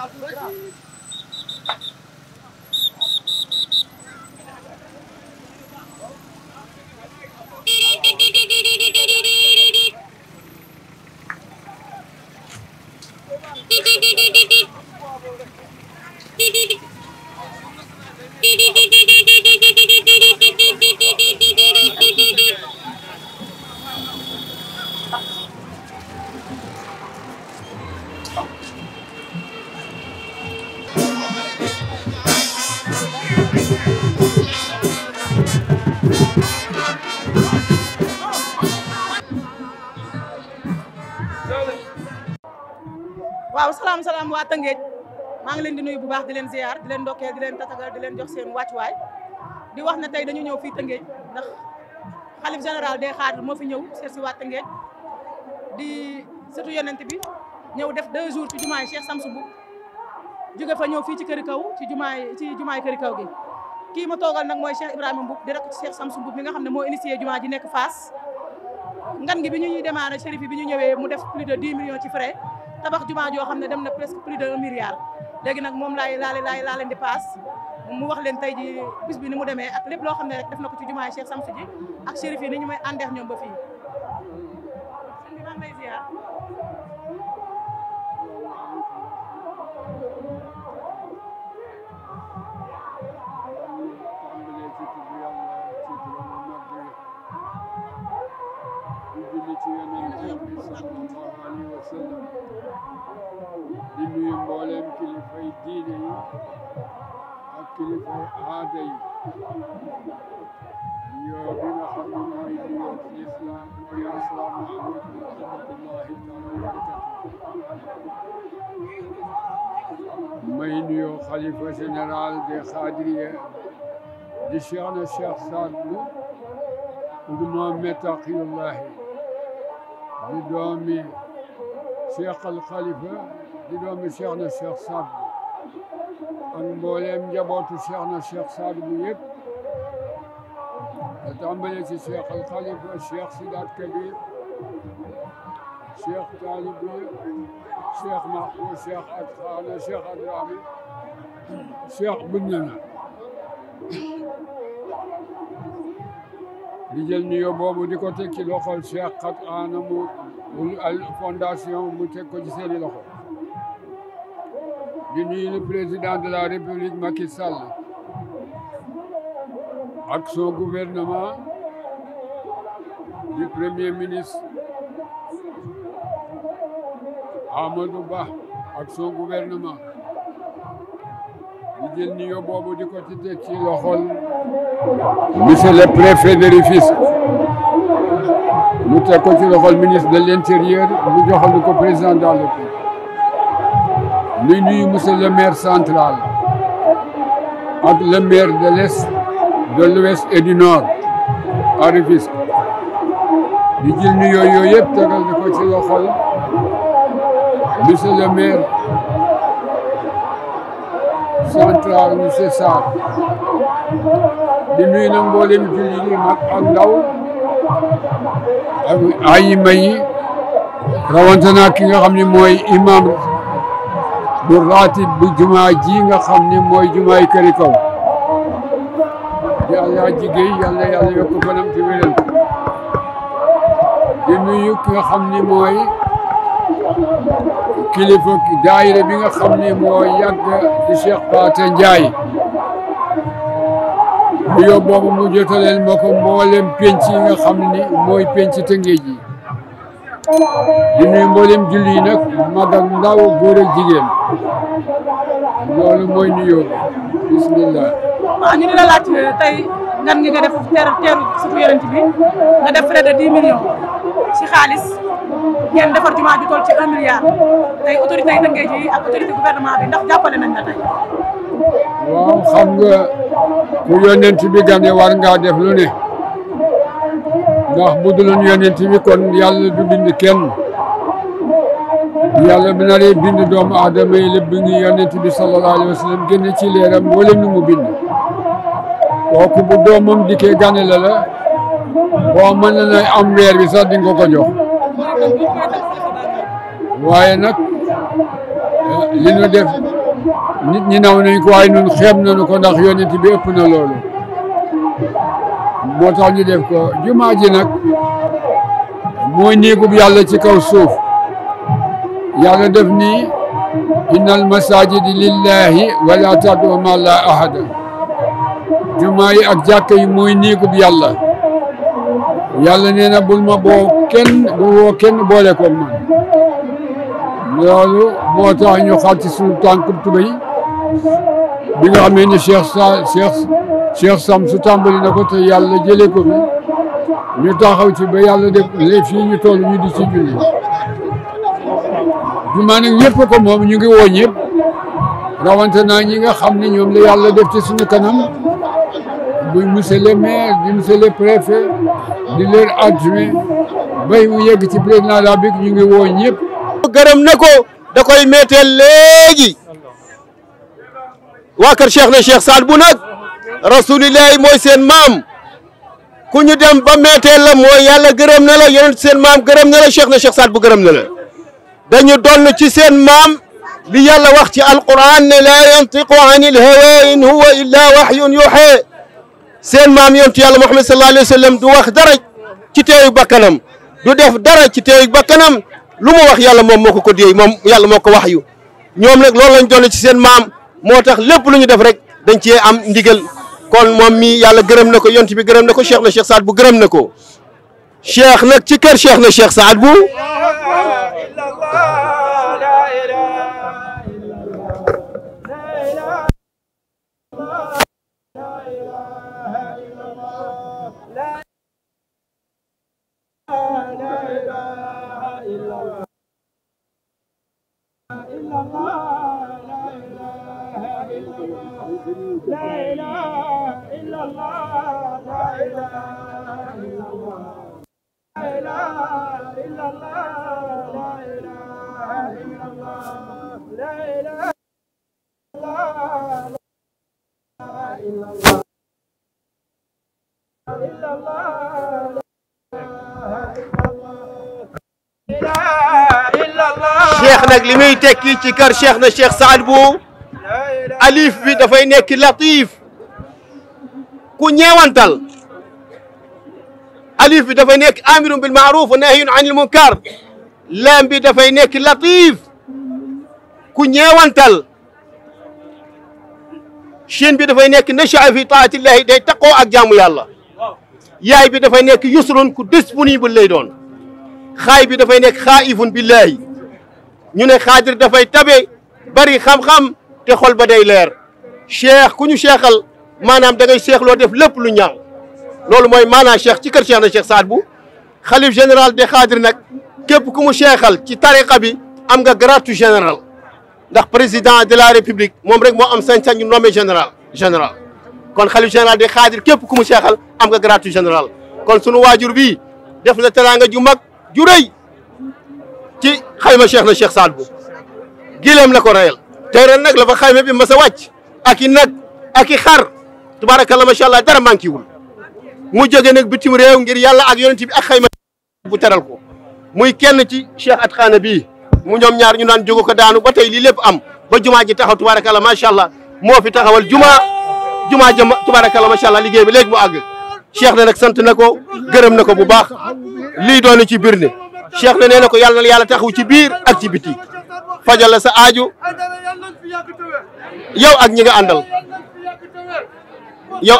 साल पूरा di nuyu bu baax di leen ziar di leen ndokkeel di leen tatagal di leen jox seen wàccuwaay di wax na tey dañu ñëw fii Tëngéej ndax xalif général des xaadar moo fi ñëw seet si waa Tëngéej di sëtu yonent bi ñëw def deux jours ci jumaay Cheikh Samsou Bou jóge fa ñëw fii ci këri ci ci jumaay ci jumaay këri kaw gi kii ma toogal nag mooy Cheikh Ibrahima Mboup di rakk ci Cheikh Samsou Mboup mi nga xam ne moo initié jumaa ji nekk Fass ngan gi bi ñu ñuy démarré chérif yi bi ñu ñëwee mu def plus de 10 millions ci frais tabax jumaa joo xam ne dem na presque plus de 1 léegi nag moom laay laale laay laa leen di paas mu wax leen tey ji bis bi ni mu demee ak lépp loo xam ne def na ko ci jumaay Cheikh Samsu ji ak chérif yi ni ñu may àndeex ñoom ba fii diine yi ak kilifa aada yi nuyoo bi nga xam ne mooy nuyoo islam mooy asalaamu aleykum wa rahmatullahi taala wa barakatuh may nuyoo xalifa général de xaadiriya di cheikh na cheikh Saad Bou Mohamed Taqiyullahi di doomi cheikh al xalifa di doomi cheikh na cheikh Saad Bou ak mbooleem njabootu cheikh na cheikh Saadu bu yëpp da tàmbale ci cheikh al Khalifa cheikh Sidaat Kabir cheikh Taalib bi cheikh Mahfou cheikh Atxaana cheikh Adrami cheikh Bunyana di jël nuyoo boobu di ko teg ci loxol cheikh Atxaana mu al fondation mu teg ko ci seeni loxo di nuyu président de la république Macky Sall ak son gouvernement du premier ministre Amadou Ba ak son gouvernement di jël nuyoo boobu di ko ci teg ci loxol monsieur le préfet de Rufisque mu teg ko ci loxol ministre de l'intérieur mu joxal ko président de la République di nuyu monsieur le maire central ak le maire de l'est de l'ouest et du nord à Rufisque di jël nuyoo yooyu yëpp ko ci loxol monsieur le maire central monsieur Sarr di nuyu nag mboolem jullit yi mag ak ndaw ak ayima yi rawante ki nga xam ne mooy imam pour raatib bu jumaa ji nga xam ne mooy jumaay këri kaw di Alaaji Géey yàlla yàlla yokk fanam ci di nuyu ki nga xam ni mooy kilifa daayira bi nga xam ne moo yàgg di Cheikh Paate Njaay bu yób mu jotaleel ma ko mboolem penc yi nga xam ne mooy ji di nuyu mboolem julli yi nag mag jigéen loolu mooy nuyoo bismillah waaw ah, ñu ne la euh, tey ngi nga def teeru teeru suñu yonent bi nga def frais de 10 millions ci xaalis ngeen defar jumaa ju toll ci 1 milliard tey autorité yi tënkee ji ak autorité gouvernement bi ndax jàppale nañ la tey. waaw xam nga ku yonent bi gane war ngaa def lu ne ndax bu duloon yonent bi kon yàlla du bind kenn. yàlla bi na lee bind doomu aadama yi la bind yonent bi sallallahu nu mu bind kooku bu doomam dikkee gane la la boo mën na am weer bi sax di nga ko jox waaye nag eh, li nu def ñi naw nañ ko waaye nun xeeb nañu ko ndax yonent bi ëpp na loolu moo tax ñu def ko jumaa ji nag mooy néegub yàlla ci kaw suuf yàlla def nii inna al masajidi lillahi wala tadu ma la ahada jumaa yi ak jàkka yi mooy néegub yàlla yàlla nee na bul ma boo kenn bul woo kenn boole ko man loolu moo tax ñu xal ci suñu tànkub tubay bi nga xamee ni cheikh sa cheikh cheikh sam su tàmbali na ko te yàlla jëlee ko bi ñu taxaw ci ba yàlla def fii ñu toll ñu di ci julli jumaa nag ñëpp ko moom ñu ngi woo ñëpp rawante naa ñi nga xam ne ñoom la yàlla def ci suñu kanam muy monsieur le maire di monsieur le préfet di leur adjoint bay yegg ci président la ñu ngi woo ñëpp gërëm na ko da koy metteel léegi waa kër cheikh na cheikh Saad bu nag rasulillahi mooy seen maam ku ñu dem ba metteel la mooy yàlla gërëm na la seen maam gërëm na la cheikh na cheikh Saad bu gërëm na la dañu donn ci seen maam li yàlla wax ci alquran ne laa yantiqu an il hawa in huwa illa waxyun yuxee seen maam yontu yàlla muhammad sallallahu alayhi wa sallam du wax dara ci teeyu bakkanam du def dara ci teeyu bakkanam lu mu wax yàlla moom moo ko ko déey moom yàlla moo ko wax yu ñoom nag loolu lañ donn ci seen maam mootax tax lépp lu ñu def rek dañ cee am ndigal kon moom mi yàlla gërëm na ko yont bi gërëm na ko cheikh na cheikh saad bu gërëm na ko cheikh nag ci kër cheikh na cheikh saad bu la cheikh nag li muy tekki ci kër cheikh na cheikh Saad Bou alif bi dafay nekk latif ku ñeewantal alif bi dafay nekk amirun bil maaruf wa nahyun anil munkar laam bi dafay nekk latif ku ñeewantal shin bi dafay nekk nasha fi taatillahi day taqoo ak jaamu yàlla yaay bi dafay nekk yusrun ku disponible lay doon xaay bi dafay nekk xaaifun billahi ñu ne xaadir dafay tabe bari xam-xam te xol ba day leer cheikh ku ñu cheikhal maanaam da ngay cheikh loo def lépp lu ñaaw loolu mooy maanaam cheikh ci kër cheikh na cheikh Saad bu xalif général de xaadir nag képp ku mu cheikhal ci tariqa bi am nga gratu général ndax président de la république moom rek moo am sañ-sañ ñu nommé général général kon xalif général de xaadir képp ku mu cheikhal am nga gratu général kon sunu waajur bi def na teraanga ju mag ju rëy ci xayma cheikh na cheikh Saad Bou gileem la ko reyal te nag la fa xayma bi masa a wàcc ak i nag ak i xar tubaarakallah macha dara manqué wul mu jóge nag bitim réew ngir yàlla ak yonent bi ak xayma bu teral ko muy kenn ci cheikh at xaana bii mu ñoom ñaar ñu naan jógu ko daanu ba tey lii lépp am ba jumaa ji taxaw tubaarakallah macha allah moo fi taxawal jumaa jumaa jëm tubaarakallah macha allah liggéey bi léegi mu àgg cheikh na nag sant na ko gërëm na ko bu baax lii doon ci birne cheikh na nee na ko yàlla na yàlla taxaw ci biir ak ci biti fajal la sa aaju yow ak ñi nga àndal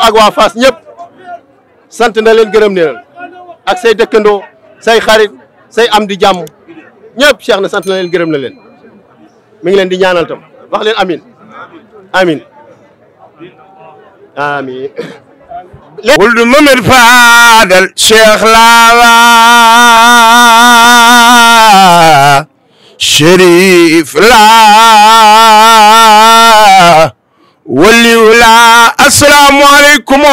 ak waa Fass sant na leen gërëm ne leen ak say dëkkandoo say xarit say am di jàmm ñëpp cheikh na sant na leen gërëm na leen mi ngi leen di ñaanal tam wax leen amin amin amin ولد ممر فادل شيخ لالا شريف لا ولي ولا السلام عليكم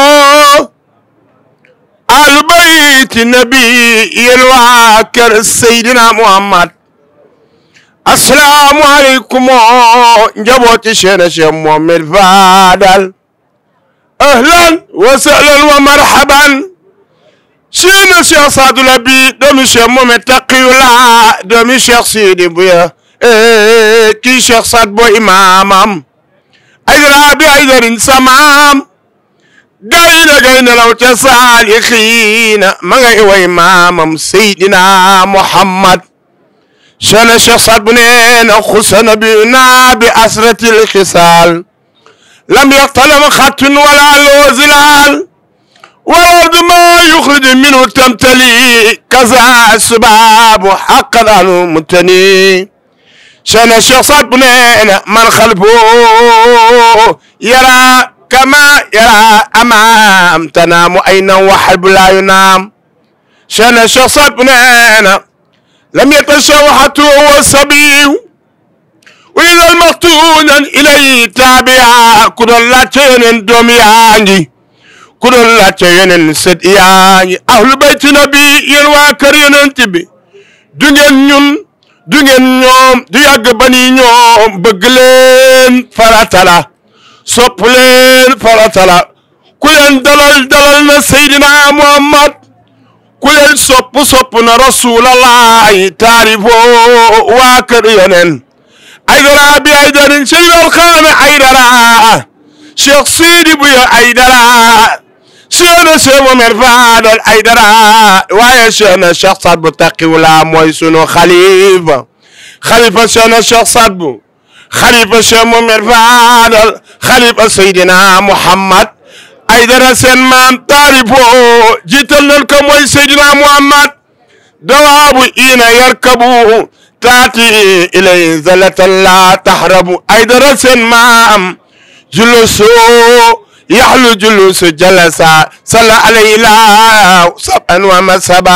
آل بيت النبي الواكر سيدنا محمد السلام عليكم جبوت شيخنا شيخ محمد فادل أهلا وسهلا ومرحبا Sheikh Cheikh Saadu Labi doomi Cheikh Mohamed Taqiyullah doomi Cheikh Sidi Buya eh, eh, eh, kii Cheikh Saad Boo imaamam ay dara bi ay darin samaam gari da gay nelaw ca ma nga iwa imaamam Seydina Muhammad Sheikh Cheikh Saad bu neena xusa nabiyuna bi asratil xisaal lam yaxtalam xattun wala loo zilaal والأرض ما يخرج منه تمتلي كذا السباب حقا عنه ممتني شان الشخص بنين من خلفه يرى كما يرى أمام تنام أين وحب لا ينام شان الشخص بنين لم يتشوحته هو الصبي وإذا المقتون إليه تابعا كن الله تين دمياني ku doon laajte yeneen sët yaa ngi ahlu bayti nabi yéen waa kër yonent bi du ngeen ñun du ngeen ñoom du yàgg bëgg leen faratala sopp leen faratala ku leen dalal dalal na Seydina Muhammad ku leen sopp sopp na rasulallahi taarifo waa kër yonent ay dara bi ay darin Seydina Alxaame ay dara Cheikh Sidi bu yo ay dara cheikh na cheikh Mohamed Fadal Aydara waaye cheikh na cheikh Sadbu Taqiyullah mooy sunu xalifa xalifa cheikh na cheikh Sadbu xalifa cheikh Mohamed Fadal xalifa Seydina Mohamed Aydara seen maam taarifu jiital nañ ko mooy Seydina Mohamed dawaabu iina yarkabu taati ilay zalatan la tahrabu Aydara seen maam julusoo yaxlu julusu jalasa salla alayhi la saban wa masaba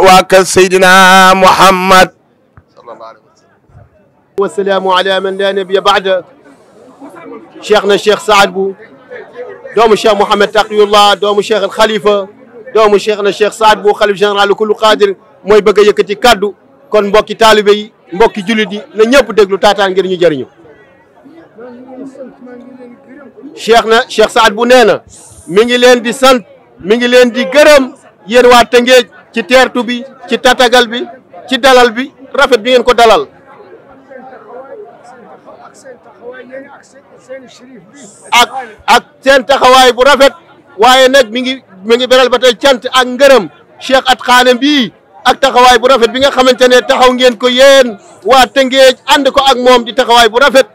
wa ka sayyidina Muhammad wa salaamu ala man la nabiya ba'da cheikhna cheikh Saad Bou doomu cheikh Mouhamed Taqiyullah doomu cheikh al Khalifa doomu cheikhna cheikh Saad Bou xalif général kullu qaadir mooy bëgg a yëkkati kaddu kon mbokki taalibe yi mbokki jullit yi na ñëpp déglu taataan ngir ñu jëriñu cheikh na cheikh Saad bu nee na mi ngi leen di sant mi ngi leen di gërëm yéen waa Tëngéej ci teertu bi ci tatagal bi ci dalal bi rafet bi ngeen ko dalal ak ak seen taxawaay bu rafet waaye nag mi ngi mi ngi ba tey cant ak gërëm cheikh at xaane bi ak taxawaay bu rafet bi nga xamante ne taxaw ngeen ko yéen waa Tëngéej ànd ko ak moom di taxawaay bu rafet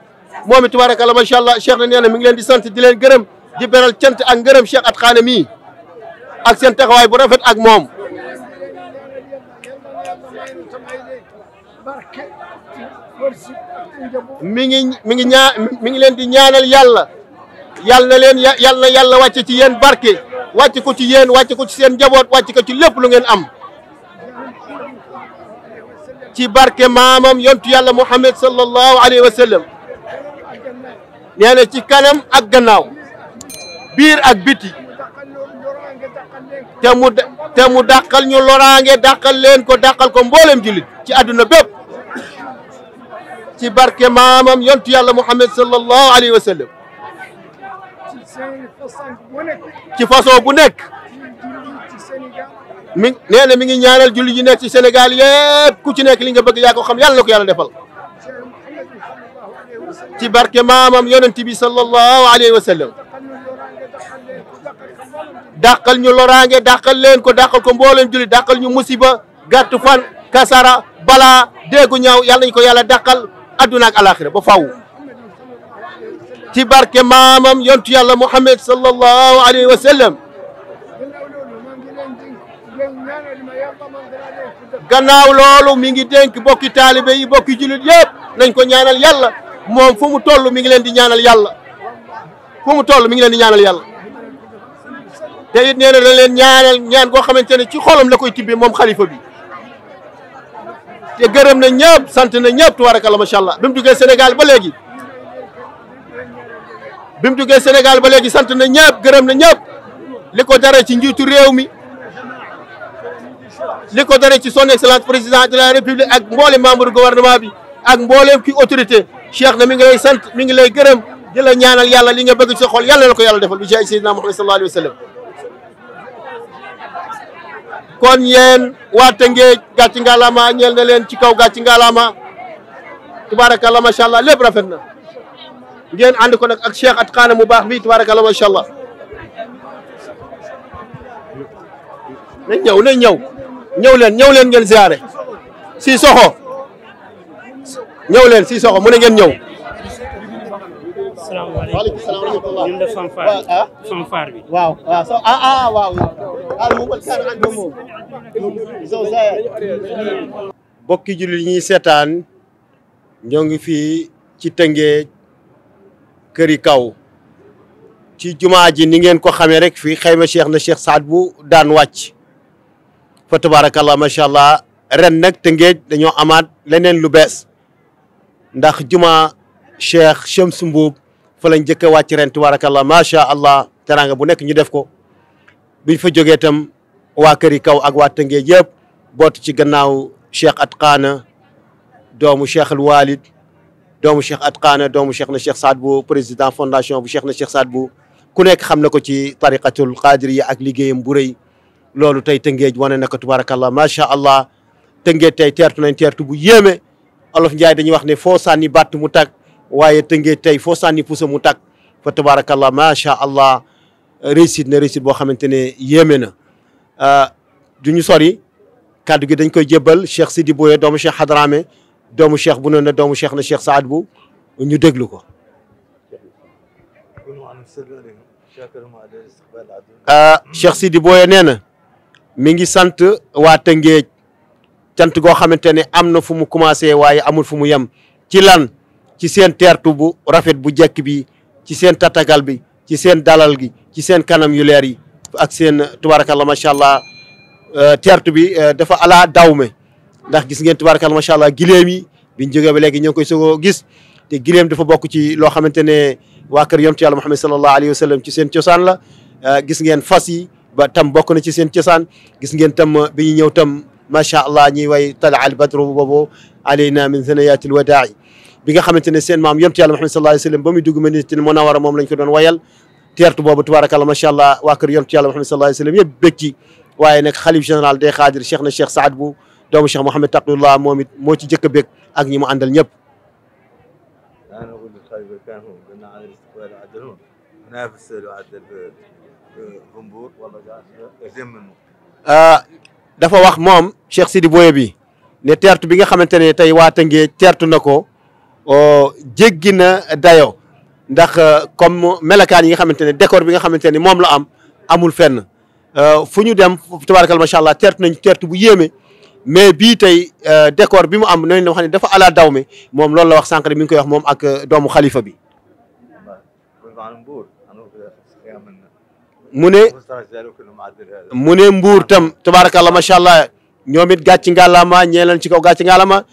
moom it tubaaraka la macha allah cheikh na nee na mi ngi sant di gërëm di beral cant ak ngërëm cheikh at xaane mii ak seen taxawaay bu rafet ak moom mi ngi mi ngi ñaa mi ngi leen di ñaanal yàlla yàlla na leen yàlla na yàlla wàcce ci yéen barke wàcc ko ci yéen wàcc ko ci seen njaboot wàcc ko ci lépp lu ngeen am ci barke maamam yontu yàlla muhammad sallallahu alayhi wa sallam nee ci kanam ak gannaaw biir ak biti te mu te mu dàqal ñu loraange dàqal leen ko dàqal ko mboolem jullit ci àdduna bépp ci barke maamam yontu yàlla muhammad sallallahu alayhi wa sallam ci façon bu nekk mi nee na mi ngi ñaanal jullit yi nekk ci Sénégal yëpp ku ci nekk li nga bëgg yaa ko xam yàlla na ko yàlla defal ci barke maamam yonent bi sallallahu alayhi wa sallam ñu loraange dàqal leen ko dàqal ko mbooleem jullit dàqal ñu musiba gàtt fan kasara balaa déggu ñaaw yàlla nañ ko yàlla dàqal adduna ak alaxira ba faaw ci barke maamam yontu yàlla Muhammad sallallahu alayhi wa sallam gannaaw loolu mi ngi dénk bokki taalibe yi bokki jullit yëpp nañ ko ñaanal yàlla moom fu mu toll mi ngi leen di ñaanal yàlla fu mu toll mi ngi leen di ñaanal yàlla te it nee na leen ñaanal ñaan koo xamante ne ci xolam la koy tibbee moom kalifa bi te gërëm na ñëpp sant na ñëpp tubaarakallah macha allah bi mu duggee Sénégal ba léegi bi mu duggee Sénégal ba léegi sant na ñëpp gërëm na ñëpp li ko dara ci njiitu réew mi li ko dara ci son excellence président de la république ak mboole membre gouvernement bi ak mbooleem ki autorité cheikh na mi ngi lay sant mi ngi lay gërëm di la ñaanal yàlla li nga bëgg ci sa xol ko yàlla defal bi jaay sayyidina Muhammad sallallahu alayhi wa sallam kon yéen na leen ci kaw gàcci ngalaama tubaarakalla macha allah lépp rafet na ngeen ànd ko nag ak cheikh at mu baax bi tubaarakalla macha allah nañ ñëw nañ ñëw ñëw leen ñëw leen ngeen ziare ñëw leen si Sissoko mu ne ngeen ñëw. salaamaaleykum ñun de fanfare ah? bi ah, ah, bokki jullit ñuy seetaan ñoo ngi fii ci tëngee këri kaw ci jumaa ji ni ngeen ko xamee rek fii xayma cheikh na cheikh Saad bu daan wàcc fa tabaarakallah macha allah ren nag tëngee dañoo amaat leneen lu bees. ndax juma cheikh Shams Mbuub fa lañ njëkk a wàcc ren tabarakallah macha allah teraanga bu nekk ñu def ko biñ fa jógee itam waa kër yi kaw ak waa tëngee yëpp boot ci gannaaw at Atqaana doomu cheikh al Walid doomu at Atqaana doomu cheikh na cheikh Saad bu président fondation bu cheikh na cheikh Saad bu ku nekk xam na ko ci tariqatul qadiriya ak liggéeyam bu rëy loolu tey tëngeej wane na ko tabarakallah macha allah tëngeej tey teertu nañ teertu bu yéeme olof Njaay dañuy wax ne foo sànni bàtt mu tàkk waaye tëngee tey foo sànni pusa mu tàkk fa tabaarakallah macha allah réussite na réussite boo xamante ne yéeme na euh, du ñu sori kàddu gi dañ koy jébbal Cheikh Sidi Boye doomu Cheikh Hadrame doomu Cheikh bu noonu doomu Cheikh na Cheikh Saad bu ñu déglu ko. Euh, Cheikh Sidi Boye nee na mi ngi sant waa Tëngéej cant goo xamante ne am na fu mu commencé waaye amul fu mu yem ci lan ci seen teertu bu rafet bu jekk bi ci seen tatagal bi ci seen dalal gi ci seen kanam yu leer yi ak seen tubaarakàlla macha allah euh, teertu bi euh, dafa ala dawme ndax gis ngeen tubaarakàlla macha allah gileem yi biñ jógee ba léegi ñoo ngi koy soog gis te gileem dafa bokk ci loo xamante ne waa kër yontu yàlla Muhammad sallallahu alayhi wa sallam ci seen cosaan la euh, gis ngeen fas yi tam bokk na ci seen cosaan gis ngeen tam bi ñëw tam macha allah ñuy way tala al badru boobu alayna min zanayatil wadaa'i bi nga xamante ne seen maam yontu yàlla Muhammad sallallahu alayhi wa sallam ba muy dugg Madinatul Munawwara moom lañ ko doon wayal teertu boobu tabarakallah macha allah waa kër yontu yàlla Muhammad sallallahu alayhi wa sallam yëpp bëgg ci waaye nag xalif général des xaadir cheikh na cheikh Saad bu doomu cheikh Mouhamed Taqiyullah moom it moo ci jëkk a bëgg ak ñi mu àndal ñëpp ah, dafa wax moom Cheikh Sidi Boye bi ne teertu bi nga xamante ne tey waa ngee teertu na ko jéggi na dayo ndax euh, comme melakaan yi nga xamante ne décor bi nga xamante ne moom la am amul fenn euh, fu ñu dem tabarakal macha allah teertu nañ teertu bu yéeme mais bii tey euh, décor bi mu am nañ la wax ne dafa ala daw mi moom loolu la wax sànq mi ngi koy wax moom ak doomu xalifa bi mu ne mu ne mbuur tam tabaarakàlla macha allah ñoom it gàcci ngàllaama ñee leen ci kaw gàcci ngàllaama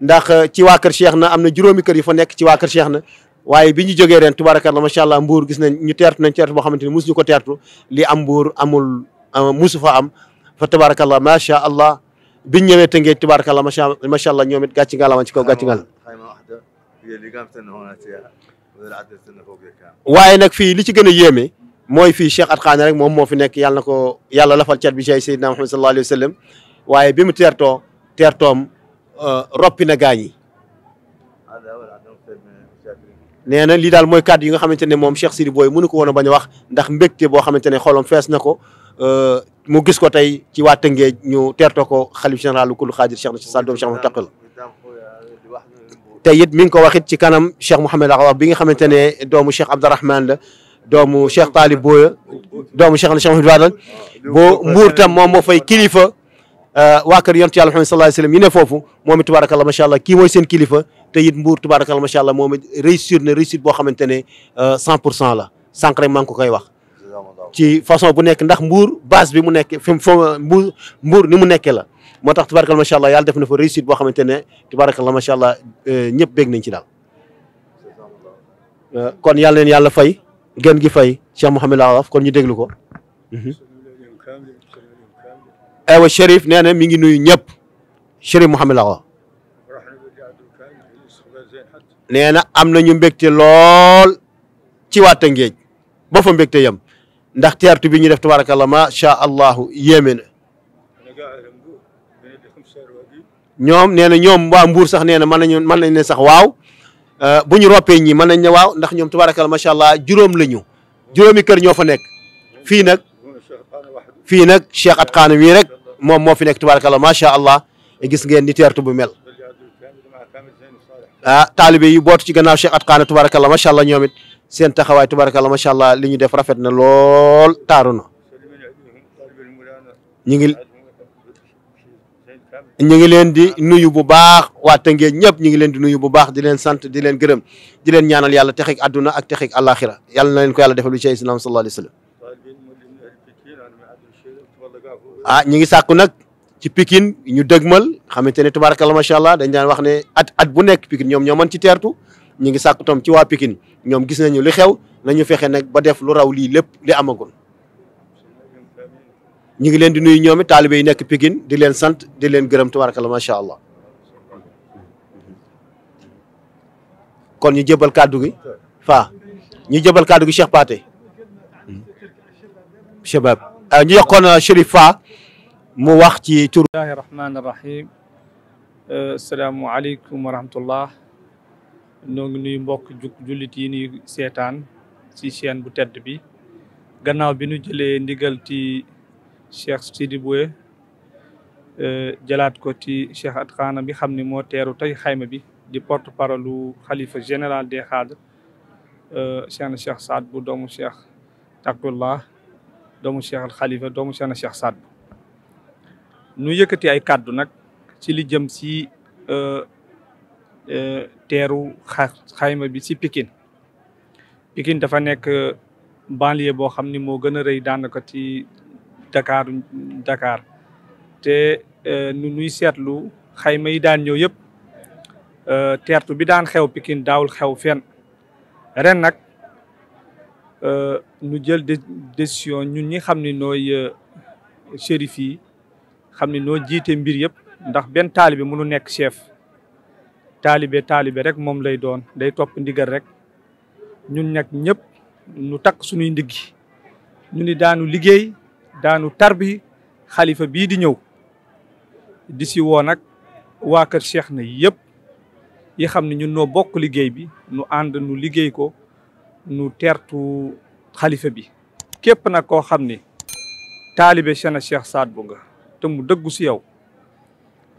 ndax euh, ci waa kër Cheikh na am na juróomi kër yi fa nekk ci waa kër Cheikh na waaye bi ñu jógee ren tabaarakàlla macha allah mbuur gis nañ ñu teertu nañ teertu boo xamante ni mosuñu ko teertu li am mbuur amul mosu fa am fa tabaarakàlla macha allah biñ ñëwee tëngee tabaarakàlla macha macha allah ñoom it gàcci ngàllaama ci kaw gàcci ngàllaama waaye nag fii li ci gën a yéeme mooy fii Cheikh At Khane rek moom moo fi nekk yàlla ko yàlla lafal cat bi jaay Seydina Muhammad sallallahu alayhi wa waaye bi mu teertoo teertoom euh, roppi na gaañ yi nee na lii daal mooy kàddu yi nga xamante ne moom Cheikh Sidi Boye mënu ko woon a wax ndax mbégte boo xamante ne xolam fees na ko euh, mu gis ko tey ci waa Tëngéej ñu teertoo ko xalif général kulu xaadir Cheikh na si sal mi ngi ko wax it ci kanam Cheikh Mouhamed Awa bi nga xamante ne doomu Cheikh Abdourahmane la doomu Cheikh Taalib Boya doomu Cheikh na Cheikh Mouhamed Fadal boo mbuur tam moom moo fay kilifa euh, waa kër yontu yàlla Muhammad sallallahu alayhi wasallam yi ne foofu moom it tubaarakallah macha allah kii mooy seen kilifa te it mbuur tubaarakallah macha moom it réussir na réussite boo xamante ne euh, cent pour cent la sànq rek maa ngi ko koy wax ci façon bu nekk ndax mbuur base bi mu nekk fi mbuur mbuur ni mu nekkee la moo tax tubaarakallah macha allah yàlla def na fo réussite boo xamante ne tubaarakallah macha allah euh, ñëpp bég nañ ci daal kon yàlla fay gen gi fay Cheikh Mouhamed Araf kon ñu déglu ko aywa mhm. Chérif nee na mi ngi nuyu ñëpp Chérif Mouhamed Araf nee na am nañu mbégte lool ci waa Tëngéej ba fa mbégte yem ndax teertu bi ñu def tabarakallah macha allahu yéeme na ñoom nee na ñoom waa Mbuur sax nee na mën nañu mën nañ ne sax waaw Euh, bu ñu roppee ñi mën nañ ne waaw ndax ñoom tubaarakal macha allah juróom la ñu juróomi kër ñoo fa nekk fii nag fii nag Cheikh At Qaana wii rek moom moo fi nekk tubaarakal macha allah e gis ngeen ni teertu bu mel ah taalibe yi boot ci gannaaw Cheikh At Qaana tubaarakal macha allah ñoom it seen taxawaay tubaarakal macha allah li ñu def rafet na lool taaru na ñu ngi leen di nuyu bu baax waa Tëngéej ñëpp ñu ngi leen di nuyu bu baax di leen sant di leen gërëm di leen ñaanal yàlla texik àdduna ak texik àllaaxira yàlla na leen ko yàlla defal lu ci islam sallallahu alayhi wa ah ñu ngi sàkku nag ci Pikine ñu dëgmal xamante ne tabaarakalla macha allah dañ daan wax ne at at bu nekk Pikine ñoom ñoo mën ci teertu ñu ngi sàkku ci waa Pikine ñoom gis nañu li xew nañu fexe nag ba def lu raw lii lépp li amagul ñu ngi leen di nuyu ñoom it taalibe nekk Pikine di leen sant di leen gërëm tabarakallah macha allah kon ñu jëbal kàddu gi fa ñu jëbal kàddu gi Cheikh Pathé shabab ah, ñu yokkoon ah, Chérif Fa mu wax ci tur bismillahi rahmaani rahim euh, asalaamu aleykum wa rahmatullah ñoo ngi nuyu mbokk ju yi nuy seetaan ci chaîne bu tedd bi gannaaw bi nu jëlee ndigal ci cheikh Sidi Boué euh, jëlaat ko ci cheikh xaana bi xam ni moo teeru tey xayma bi di porte parole xalifa général des xaadr euh, cheikh na cheikh Saad bu doomu cheikh Abdullah doomu cheikh al xalifa doomu cheikh na cheikh Saad bu nu yëkkati ay kàddu nag ci li jëm si euh, teeru xayma bi si Pikine Pikine dafa nekk banlieue boo xam ni moo gën a rëy daanaka ci Dakar Dakar te eh, nu nuy seetlu xayma yi daan ñëw yëpp eh, teertu bi daan xew pikin daawul xew fenn ren nag eh, nu jël décision ñun ñi xam ne nooy shérif yi xam ne noo jiite mbir yëpp ndax benn taalibe mënu nekk chef taalibe taalibe rek moom lay doon day topp ndigal rek ñun nag ñëpp nu takk suñuy ndiggi ñu daanu liggéey daanu tarbi xalifa bii di ñëw di si woo nag waa kër Cheikh na yëpp yi xam ne ñun noo bokk liggéey bi nu ànd nu liggéey ko nu tertu xalifa bi képp nag koo xam ni taalibe Cheikhna Cheikh Saad Bou nga te mu dëggu si yow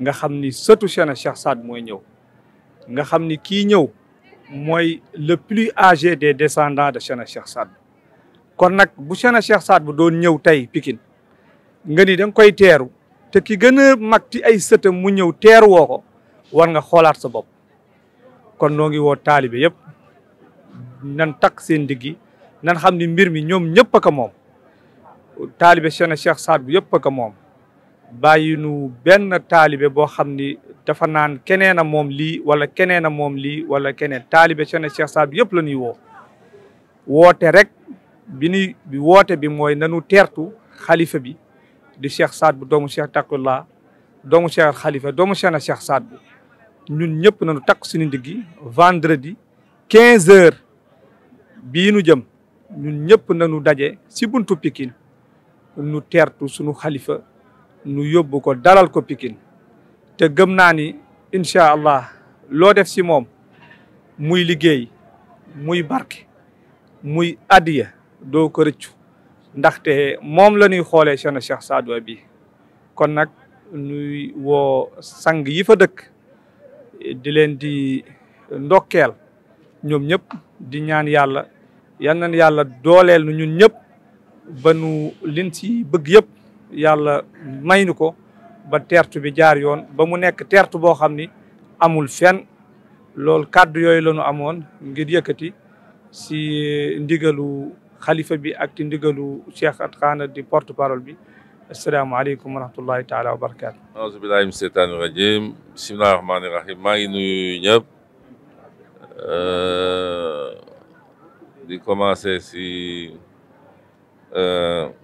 nga xam ni sëtu Cheikhna Cheikh Saad mooy ñëw nga xam ni kii ñëw mooy le plus âgé des descendants de Cheikhna Cheikh Saad kon nag bu Cheikhna Cheikh saat bu doon ñëw tey Pikine nga ni da koy teeru te ki gën a mag ci ay sëtam mu ñëw teeru woo ko war nga xoolaat sa bopp kon noo ngi woo taalibe yëpp nan takk seen diggi nan xam ni mbir mi ñoom ñëpp a ko moom taalibe Cheikhna Cheikh Saad bu yëpp a moom bàyyi nu benn taalibe boo xam ni dafa naan keneen moom lii wala keneen moom lii wala keneen taalibe Cheikhna Cheikh Saad bu yëpp la ñuy woo woote rek bi ñuy woote bi mooy nanu teertu xalifa bi di Cheikh Saad bu doomu Cheikh Takullah doomu Cheikh xalifa doomu Cheikh na Cheikh ñun ñëpp nanu takk suñu ndiggi vendredi quinze heures bii nu jëm ñun ñëpp nanu daje si buntu pikin nu teertu suñu xalifa nu yóbbu ko dalal ko pikin te gëm naa ni incha allah loo def si moom muy liggéey muy barke muy addiya doo ko rëccu ndaxte moom la ñuy xoolee seen Cheikh Saadu bi kon nag nuy woo sang yi fa dëkk di leen di ndokkeel ñoom ñëpp di ñaan yàlla yal nañ yàlla dooleel nu ñun ñëpp ba nu liñ bëgg yëpp yàlla may nu ko ba tertu bi jaar yoon ba mu nekk tertu boo xam ni amul fenn loolu kàddu yooyu la ñu amoon ngir yëkkati si ndigalu xalifa bi ak ci ndigalu Cheikh At di porte parole bi asalaamaaleykum wa rahmatullahi taala wa barakaatu. aouzu billahi min seytaani rajim bismillahi rahmaani rahim maa ngi nuyu ñëpp di commencé si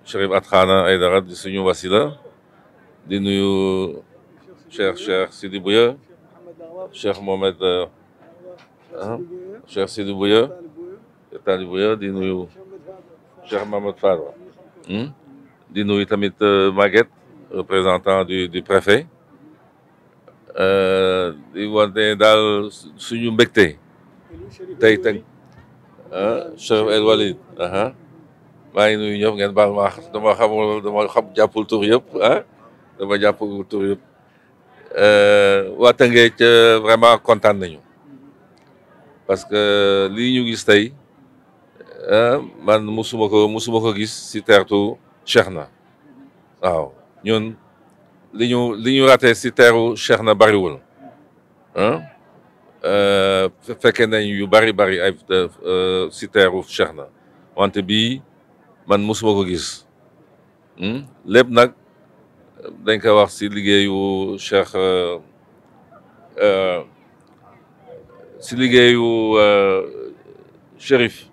Chérif At Aydara di suñu wasila di nuyu Cheikh Cheikh Sidi Bouya Cheikh Mohamed ah Sidi Bouya nuyu. Cheikh Mahmoud Farwa hmm? di nuyu tamit euh, Maguette représentant du du préfet euh, di wante daal suñu mbégte tey teg ah, Chérif El Walid ah, ah. maa ngi nuyu ñëpp ngeen baal ma dama xamul dama xam jàppul tur yëpp ah dama jàppul tur yëpp euh, waa Tëngéej vraiment kontaan nañu parce que lii ñu gis tey Eh, man musuma ko musuma ko gis si teertu na waaw ñun li ñu li ñu raté si teeru Cheikhna bariwul ah eh, eh, fekkee nañ yu bari bari ay si teeru na wante bii man musuma ko gis hmm? lépp nag dañ koy wax si liggéeyu Cheikh si liggéeyu Chérif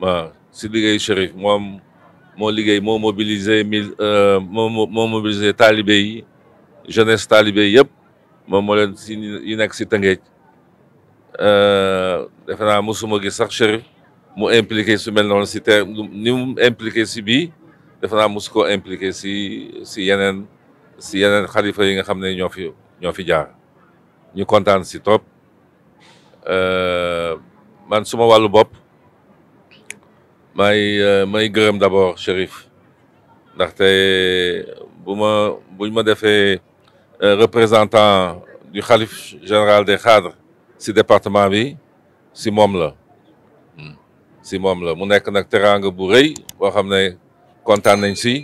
waaw si liggéey Chérif moom moo liggéey moo mobilisé mille euh, moo moo mobilisé taalibe yi jeunesse taalibe yi yëpp moom moo leen si yi nekk si Tëngéej euh, defe naa mosuma gis sax Chérif mu impliqué su mel noonu si ter ni mu impliqué si bii defe naa mosu koo impliqué si si yeneen si yeneen xalifa yi nga xam ne ñoo fi ñoo fi jaar ñu kontaan si trop euh, man suma wàllu bopp may euh, may gërëm d'abord Chérif ndaxte bu ma buñ ma defee euh, représentant du xalif général des cadres si département bi si moom la hmm. si moom la mu nekk nag teraanga bu rëy boo xam ne kontaan nañ si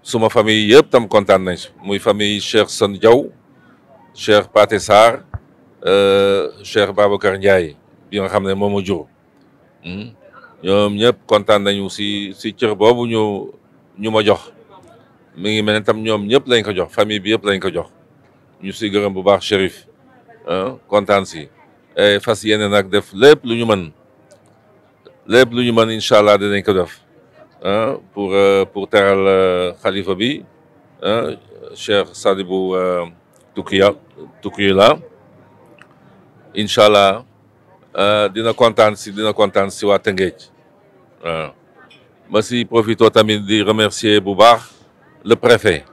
suma famille yëpp tam kontaan nañ si muy famille Cheikh Sën Diaw Cheikh Pathé Sarr euh, Cheikh Babacar Ndiaye bi nga xam ne moom a jur hmm. ñoom ñëpp kontaan nañu si si cër boobu ñu ñu ma jox mi ngi mel ne tam ñoom ñëpp lañ ko jox famille bi yëpp lañ ko jox ñu si gërëm bu baax Chérif ah, kontaan si e fas yéene nag def lépp lu ñu mën lépp lu ñu mën incha allah dinañ ko def ah, pour euh, pour teral euh, xalifa bi ah, Cheikh Sadibou euh, Tukuya Tukuyla incha allah Ah, dina kontaan si dina kontaan si waa Tëngéej waaw ah. ma si profito tamit di remercier bu baax le préfet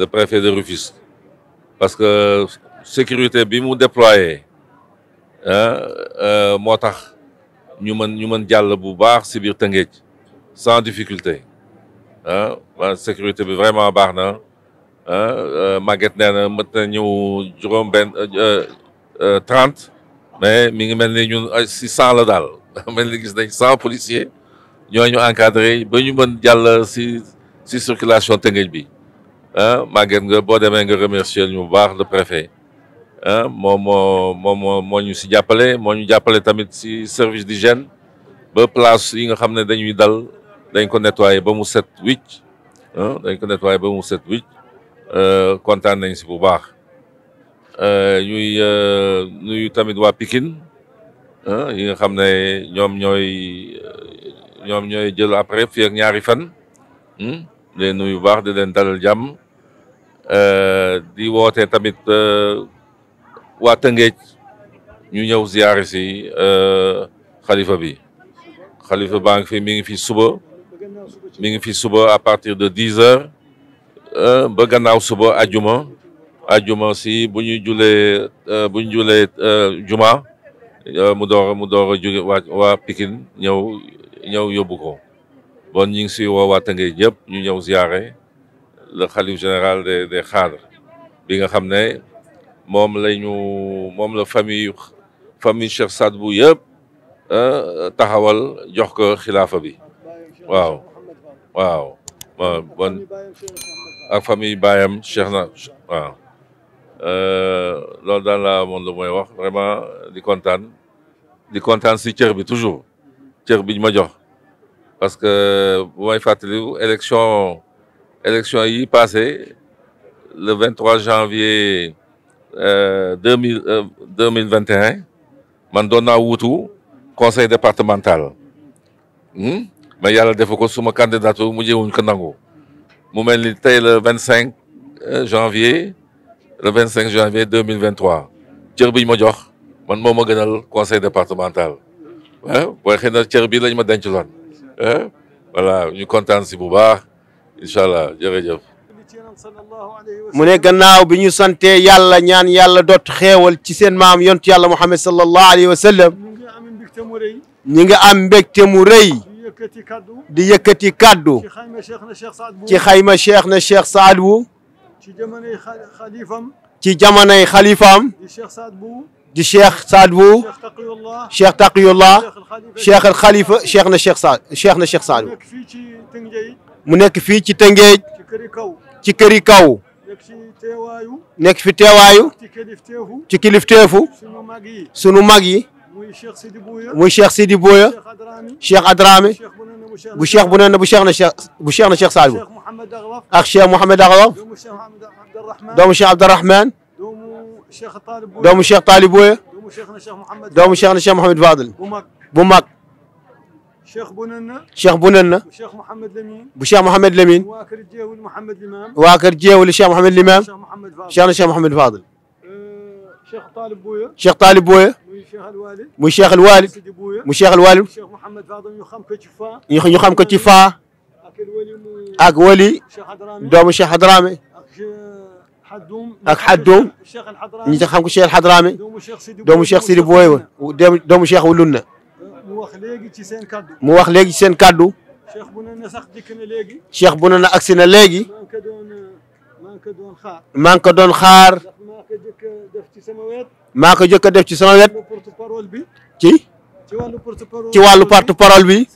le préfet de Rufisque parce que sécurité bi mu déployé ah, moo tax ñu mën ñu mën jàll bu baax si biir Tëngéej sans difficulté ah sécurité bi vraiment baax na ah Maguette nee na mën na ñëw juróom trente mais mi ngi mel ni ñun ay si cent la daal mel ni gis nañ cent policiers ñoo ñu encadré ba ñu mën jàll si si circulation Tëngéej bi ah màgget nga boo demee nga remercier ñu bu baax le préfet ah moom moo moo ñu si jàppale moo ñu jàppale tamit si service d'hygiène ba place yi nga xam ne dañuy dal dañ ko nettoyé ba mu set wic dañ ko nettoyé ba mu set wicc ah, ah, kontaan nañ si bu baax. Euh, ñuy euh, nuyu tamit waa Pikine ah, yi xam ne ñoom ñooy euh, ñoom ñooy jël après fii ak ñaari fan hmm, di leen nuyu baax di leen dalal jàmm di woote tamit waa Tëngéej ñu ñëw ziyaare si xalifa bi xalifa baa ngi fi mi ngi fi suba mi ngi fi suba à partir de dix heures ba gannaaw suba àjjuma ajuma si bu ñu julee euh, bu julee euh, juma euh, mu door mu door a jóge waa waa ñëw ñëw yóbbu ko bon ñu ngi si woo waa Tëngéej ñëpp ñu ñëw ziare le xalif général des des cadres nga xam ne moom la ñu moom la famille famille Cheikh Saad Bou yëpp taxawal jox ko xilaafa bi waaw waaw ak famille baayam Cheikh na Euh, loolu daal laa moom lu mooy wax vraiment di kontaan di kontaan si cër bi toujours cër biñ ma jox parce que bu may fàttaliku élection élection yi passé le 23 janvier euh, deux mille euh, deux mille vingt et man doon naa wuutu conseil départemental hmm? mais yàlla defe ko suma candidature mujjewuñ wuñ nangu mu mel ni tey le cinq janvier le 25 janvier 2023 cër bi ñu ma jox man moo ma gënal conseil départemental waaw booy xëy na cër bi lañ ma denc loon voilà ñu kontaan si bu baax incha allah jërëjëf. mu ne gannaaw bi ñu santee yàlla ñaan yàlla doot xeewal ci seen maam yontu yàlla Muhammad sallallahu alayhi wa sallam ñi nga am mbégte mu rëy di yëkkati kàddu ci xayma cheikh na cheikh Saad bu ci xayma cheikh na cheikh Saad ci jamonoy xalifaam. ci jamonoy xalifaam. di Cheikh Saad Bou. di Cheikh Saad Bou. Cheikh Taqiyullah. Cheikh al Khalifa Cheikh na Cheikh Saad Cheikh na Cheikh Saad Bou. mu nekk fii ci Tëngéej. ci këri kaw. ci këri kaw. nekk fi teewaayu. nekk fi teewaayu. ci kilifteefu. ci kilifteefu. sunu mag yi. sunu mag yi. muy Cheikh Sidi Bouya. muy Cheikh Sidi Bouya. Cheikh Adrami. bu cheikh bu neen bu cheikh na cheikh bu cheikh na cheikh Saliou ak cheikh Mouhamed Arawaf doomu cheikh Abdourahman doomu cheikh Talib Boye doomu cheikh na cheikh Mouhamed Fadel bu mag cheikh bu nen na cheikh bu nen na bu cheikh Mouhamed Lamine waa kër jéewul cheikh Mouhamed Limam cheikh na cheikh Mouhamed Fadel cheikh Talib Boye muy Cheikh al Walid mu Cheikh al Walid ñu xam ko ci faa ak wali doomu Cheikh Hadrame ak Hadoum ñu tax xam ko Cheikh Hadrame doomu Cheikh Sidi Bouye wa doomu Cheikh Wulunna mu wax léegi ci seen kàddu Cheikh bu ne na agsi na léegi maa ngi ko doon xaar maa ko jëkk a def ci sama wet ci ci wàllu porte parole bi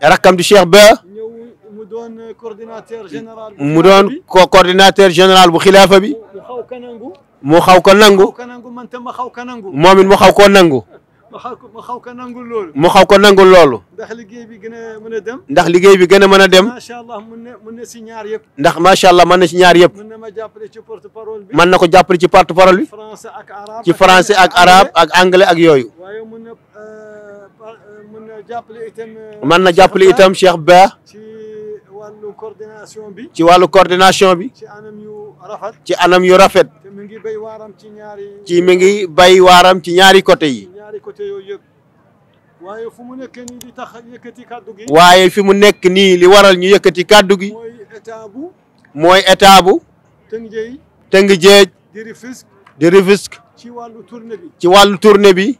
rakkam di Cheikh Ba mu doon coordinateur général mu doon ko coordinateur général bu xilaafa bi mu xaw ko nangu moom it mu xaw koo nangu mu xaw ko nangul loolu. mu xaw ko nangul loolu. ndax liggéey bi gën a mën a dem. ndax liggéey bi gën a mën a dem. macha allah mën na mën na si ñaar yëpp. ndax macha allah mën na si ñaar yëpp. mën na ma jàppale ci porte parole bi. na ko jàppale ci porte parole bi. français ak arabe ci français ak arabe ak anglais ak yooyu. waaye mën na euh, euh, mën na jàppale itam. mën na jàppale ci wàllu coordination bi. ci wàllu coordination bi. ci anam yu rafet. ci anam yu rafet. ci mi ngi bay waaram ci ñaari côté yi ñaari côté yooyu yëpp waaye fu mu nekk nii li tax yëkkati kàddu gi. waaye fi mu nekk nii li waral ñu yëkkati kàddu gi. mooy état bu. mooy état bu. Tëngéej. Tëngéej. ci wàllu tournée bi. bi.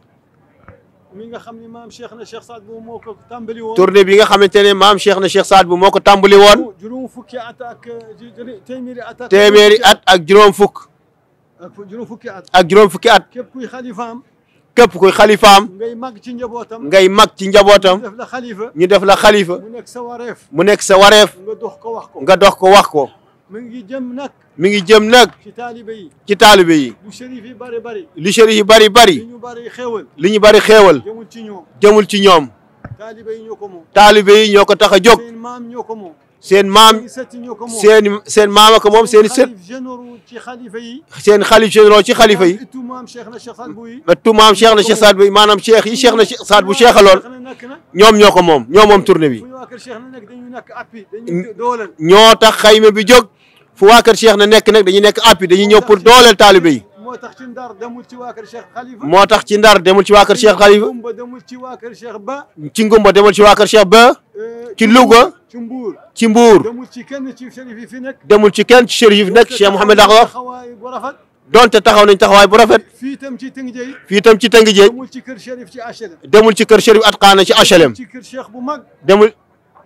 mi nga xam ne maam Cheikh na Cheikh Saad bu moo ko tàmbali bi nga xamante ne maam Cheikh na Cheikh Saad moo ko tàmbali woon. juróom at ak téeméeri at ak. téeméeri at fukk. ak juróom fukki at. ak juróom képp kuy xalifaam ngay mag ci njabootam ngay mag ci njabootam ñu def la xalifa mu nekk sa wareef mu nekk sa wareef nga dox ko wax ko nga dox ko wax ko mi ngi jëm nag mi ngi jëm nag ci taalibe yi ci taalibe yi lu shérif yi bari bari lu shérif yi bari bari ñu bari xéewal li ñu bari xéewal jëmul ci ñoom jëmul ci ñoom taalibe yi ñoo ko moom taalibe yi ñoo ko tax a jóg seen maam ko moom seen maam seen seen maama ko moom seen i sët seen xalif généraux ci xalifa yi ëttu maam Cheikh na Cheikh Saad Bou maanaam cheikh yi Cheikh na Saad Bou cheikhaloon ñoom ñoo ko moom ñoo moom tournée bi ñoo tax xayma bi jóg fu waa kër Cheikh na nekk nag dañuy nekk appui dañuy ñëw pour dooleel taalibe yi moo tax ci ndar demul ci waa kër Cheikh Khalifa moo tax ci ndar demul ci waa kër Cheikh Khalifa ci ngumba demul ci waa kër Cheikh Ba ci Louga ci Mbour ci Mbour demul ci kenn ci chérif yi fi nekk demul ci kenn ci chérif yi fi nekk Cheikh Mouhamed Akhbar donte taxaw nañ taxawaay bu rafet fii itam ci tëng jéej fii itam ci tëng jéej demul ci kër chérif ci HLM demul ci kër chérif Atqaana ci HLM ci kër cheikh bu mag demul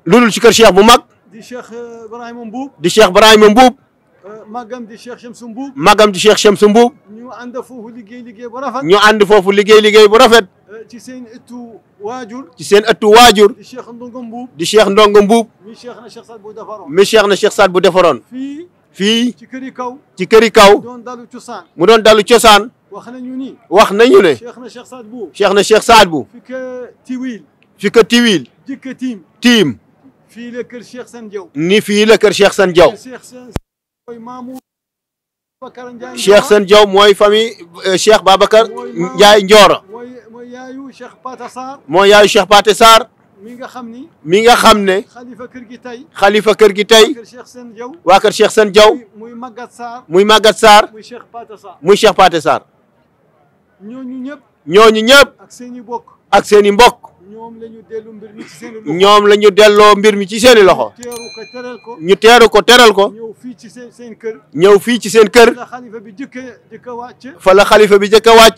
ludul ci kër cheikh bu mag di cheikh euh, Ibrahima Mbuub di cheikh Ibrahima Mbuub euh, magam di cheikh Shamsu Mbuub magam di cheikh Shamsu Mbuub ñu ànd foofu liggéey liggéey bu rafet ñu ànd foofu liggéey liggéey bu rafet Eh, ci seen ëttu waajur. ci seen ëttu waajur. di Cheikh Ndongo Mbuub. di Cheikh Ndongo Mbuub. mi Cheikh na Cheikh Saad bu defaroon. mi Cheikh na Cheikh Saad bu defaroon. fii. fii ci këri kaw. ci këri kaw. mu doon dalu cosaan. mu doon dalu cosaan. wax nañu ni. wax nañu ne. Cheikh na Cheikh Saad bu. Cheikh na Cheikh Saad bu. fi ka tiwil. fi ka tiwil. fii la kër Cheikh San Diaw. ni fii la kër Cheikh San Diaw. Cheikh San Diaw mooy famille eh, Cheikh Babacar Ndiaye Ndioro. mooy yaayu Cheikh Pathé Sarr. mooy yaayu Cheikh Pathé Sarr. nga xam ni. mi nga xam ne. xalifa kër gi tey. xalifa kër gi tey. waa kër Cheikh Sène Diaw. waa kër Cheikh Sène muy Maguette Sarr. muy Maguette saar muy Cheikh Pathé Sarr. muy Cheikh Pathé Sarr. ñooñu ñëpp. ñooñu ñëpp. ak seen i bokk. ak seen i mbokk. ñoom la ñu delloo mbir mi ci seeni loxo. ñu teeru ko teral ko. ñëw fii ci seen kër. ñëw fii ci seen kër. fa la xalifa bi jëkk a wàcc.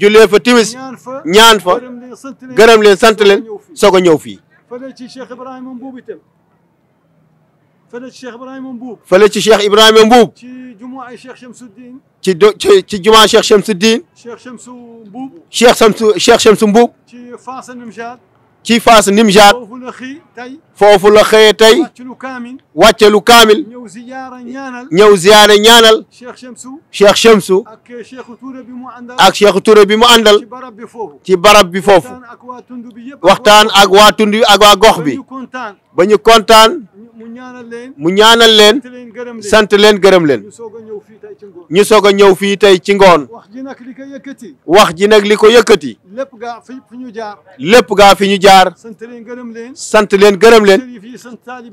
jullee fa timis. ñaan fa gërëm leen sant leen soog a ñëw fii. fële ci Cheikh Ibrahima Mbuub. fële ci Cheikh Ibrahima Mbuub. ci jumaa Cheikh Shamsuddin. ci do ci ci jumaa Cheikh Shamsuddin. Cheikh Shamsu Mbuub. Cheikh Shamsu Cheikh Shamsu Mbuub. ci Faas Nimjaat. ci Faas Nimjaat. foofu la xëy tey. foofu la xëyee tey. wàcce lu kaamil. wàcce lu kaamil. ñëw ziyaara ñaanal. ñëw ziyaara ñaanal. Cheikh Shamsu. Cheikh Shamsu. ak Cheikh Touré bi mu àndal. ak Cheikh Touré bi mu àndal. ci barab bi foofu. ci barab bi foofu. waxtaan ak waa tund bi ak waa gox bi. ba ñu kontaan. mu ñaanal leen sant leen gërëm leen ñu soog a ñëw fii tey ci ngoon wax ji nag li ko yëkkati lépp gaa fi ñu jaar sant leen gërëm leen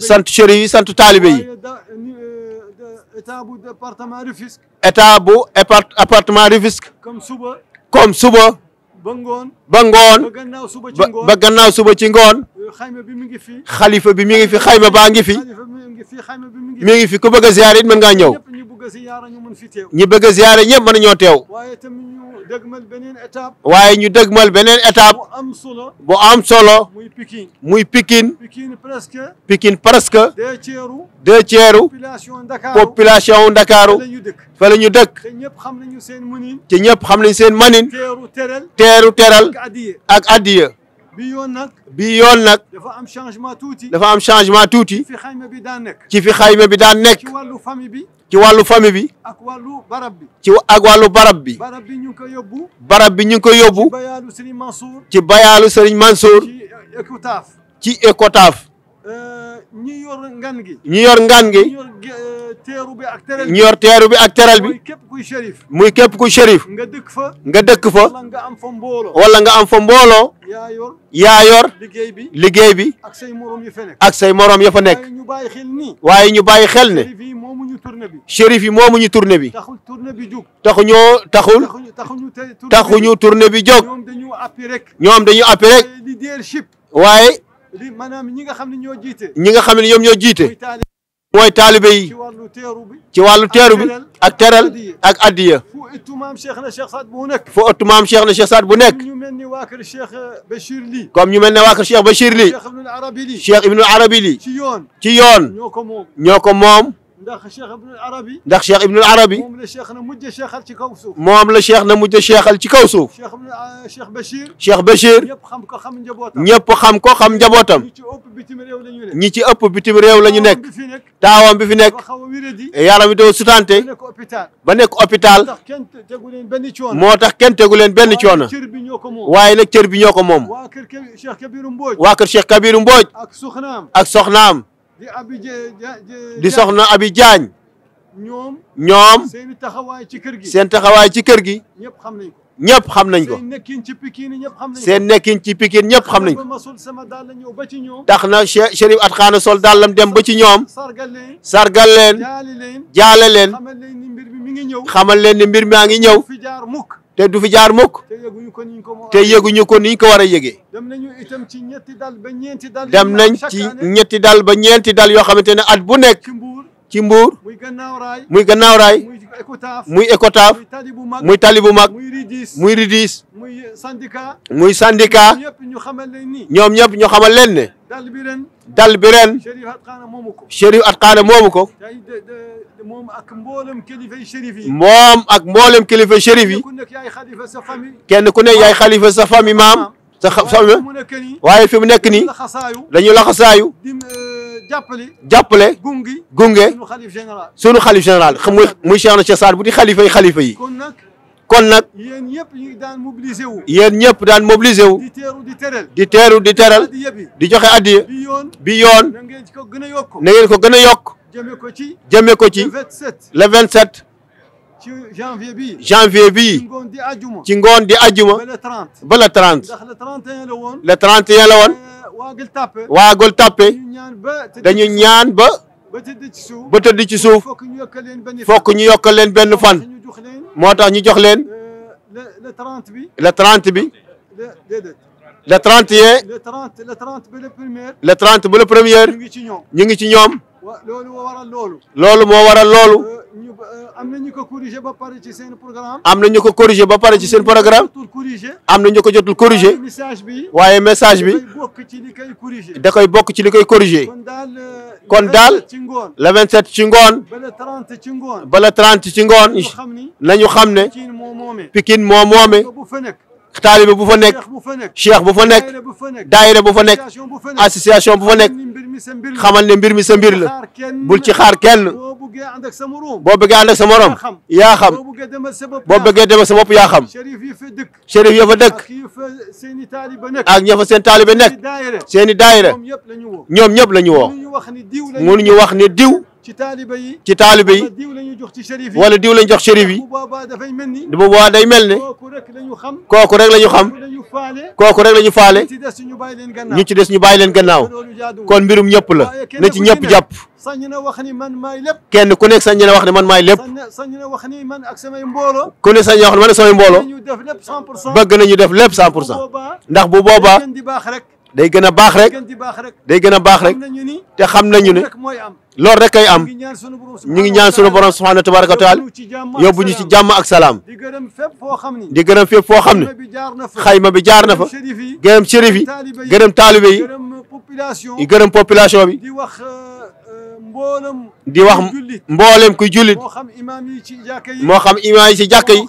sant chérif yi sant taalibe yi euh, état bu appartement Rufisque comme suba ba ngoon ba gannaaw suba ci ngoon xayma bi mi ngi fi. xalifa bi mi ngi fi xayma baa ngi fi. mi ngi fi ku bëgg a ziyaare it mën ngaa ñëw. ñi bëgg a ziyaare ñëpp mën nañoo teew. waaye ñu dëgmal beneen étape. bo am solo. muy Pikine. Pikine presque. deux tiers population Ndakaaru. fa la ñu dëkk. te ñëpp xam nañ seen manin. teeru teral ak addiya. bi yoon nag bi yoon nag dafa am changement tuuti dafa am changement tuuti ci fi xayma bi daan nekk ci fi xayma bi daan nekk ci wàllu famille bi ci wàllu famille bi ak wàllu barab bi ci ak wàllu barab bi barab bi ñu ngi ko yóbbu barab bi ñu ngi ko yóbbu ci bayaalu Serigne Mansour ci bayaalu Serigne Mansour ci Ecotaf ci Ecotaf euh, ñi yor ngan gi yor ngan gi teeru bi ak teral bi ñor bi ak teral bi. muy képp kuy shérif. muy képp kuy shérif. nga dëkk fa. nga dëkk fa. wala nga am fa mbooloo. wala nga am fa mbooloo. yaa yaa yor. liggéey bi liggéey bi. ak say morom ya fa nekk. ak say morom ya fa nekk. waaye ñu bàyyi xel ni. waaye ñu bàyyi xel ne. shérif yi moomuñu tournée bi. shérif yi ñu tournée bi. taxul tournée bi jóg. taxuñoo taxul. taxuñu taxuñu tournée bi jóg. ñoom dañu appi rek. ñoom dañu appi rek. leadership. waaye. li maanaam ñi nga xam ne ñoo jiite. ñi nga xam ne ñoom ñoo jiite. wooy taalibe yi ci wàllu teeru bi ak teral ak addiya fu ëttu maam Cheikh na Cheikh Saad bu nekk fu ëttu maam Cheikh na Cheikh Saad bu nekk ñu mel ni waa kër Cheikh Bachir lii comme ñu mel ne waa kër Cheikh Bachir lii Cheikh Ibnu Arabi lii ci yoon ci yoon ñoo ko moom ndax Cheikh Ibnu Arabi ndax Cheikh Ibnu Arabi moom la Cheikh na mujj a seexal ci kaw suuf moom la Cheikh na mujj a seexal ci kaw suuf Cheikh ah, Bachir Cheikh Bachir ñëpp xam ko xam njabootam ñëpp xam ko xam njabootam ñi ci ëpp bitim réew la ñu nekk taawam bi fi nekk yaram bi doo sutante ba nekk hôpital moo tax kenn tegu leen benn coono waay nag cër bi ñoo ko moom waa kër Cheikh Kabiru Mbooj ak soxnaam di soxna Abi Jaañ ñoom seen taxawaay ci kër gi ñëpp xam nañ ko ñëpp xam nañ ko seen nekkin ci Pikine ñëpp xam nañ ko tax na Chérif Atkhana sol dàllam dem ba ci ñoom sargal leen jaale leen xamal leen ni mbir maa ngi ñëw te du fi jaar mukk te yëguñu ko niñ ko war a yëgee dem nañ ci ñetti dal ba ñeenti dal yoo xamante ne at bu nekk ci mbuur muy gannaaw raay muy Ecotaf muy tali bu mag muy ridis muy syndicat ñoom ñëpp ñu xamal leen ne dal bi ren Chérif Atkhana moomu ko moom ak mboolem kilifa Chérif yi kenn ku ne yaay xalifa sa famille maam sa famille waaye fi mu nekk nii dañu laxasaayu euh, jàppale jàppale gunge gunge sunu xalif général xam muy muy Cheikh na Cheikh Saad bu di xalifa yi xalifa yi kon nag yéen ñëpp daan mobilisé wu. yéen ñëpp daan mobilisé wu. di teeru di teral. di teeru di teral. di joxe addiya. bi yoon bi yoon. na ngeen ko gën a yokk. na ngeen ko gën a yokk. jëmee ko ci. jëmee ko ci le 27. le 27. ci janvier bi janvier bi ci ngoon di ajuma. ci ngoon di ajuma. ba le 30. ba le 30. ndax le 31 la woon. le 31 la woon. waa Gueule Tapée dañu ñaan ba ba tëdd ci suuf fokk ñu yokkal leen benn fan moo tax ñu jox leen euh, le 30 bi bi le 31 le 30 ba le premier ñu ngi ci ñoom loolu moo waral loolu euh, am nañu ko corrigé ba pare ci seen programme. am na ñu ko corrigé ba pare ci seen programme. am na ko jotul corrigé. message bi waaye message bi. da bokk ci li koy corrigé. da ci li koy corrigé. kon daal euh, le 27 ci ngoon. bala 30 ci ngoon. bala 30 ci ngoon. nañu xam ne. Pikine moo moome. taalibe bu fa nekk cheikh bu fa nekk daayira bu fa nekk association bu fa nekk xamal ne mbir mi sa mbir la bul ci xaar kenn bëggee ànd ak sa morom boo bëggee ànd ak sa morom yaa xam boo bëggee demal sa bopp boo bëggee demal sa bopp yaa xam shérif yi fa dëkk shérif yi fa dëkk ak ña fa seen taalibe nekk seen i daayira ñoom ñëpp la ñu woo mënuñu wax ni diw ci taalibe yi ci taalibe yi wala diw lañ jox shérif yi bu boobaa day mel ne kooku rek la ñu xam kooku rek la ñu faale ñu ci des ñu bàyyi leen gannaaw kon mbirum ñëpp la na ci ñëpp jàpp sañ na wax ni man maay lépp. kenn ku nekk sañ na wax ne man maay lépp. sañ na wax ni man ak samay mbooloo. ku nekk sañ na wax ne man ak samay mbooloo. bëgg nañu def lépp 100% bëgg nañu def lépp 100% ndax bu boobaa. day gën a baax rek day gën a baax rek te xam nañu ne loolu rek kay am ñu ngi ñaan sunu borom subhaanahu tabaaraka wa taala yóbbu ñu ci jàmm ak salaam di gërëm fépp foo xam ne xayma bi jaar na fa gërëm chérif yi gërëm taalibe yi gërëm population bi. di wax mboolem ku jullit moo xam imaam yi ci jàkka yi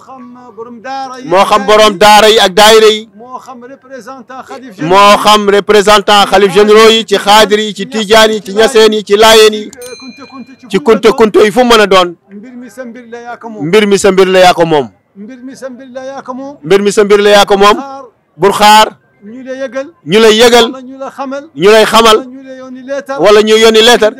moo xam borom daara yi ak daayira yi moo xam représentant xalif généraux yi ci xaadir yi ci tijaan yi ci ñaseen yi ci laayeen yi ci kunta uh, kunta yi fu mën a doon mbir mi sa mbir la yaa ko moom mbir mi sa mbir la yaa ko moom mbir mi sa mbir la yaa ko moom bul xaar ñu lay yëgal ñu lay xamal wala ñu yónni leetar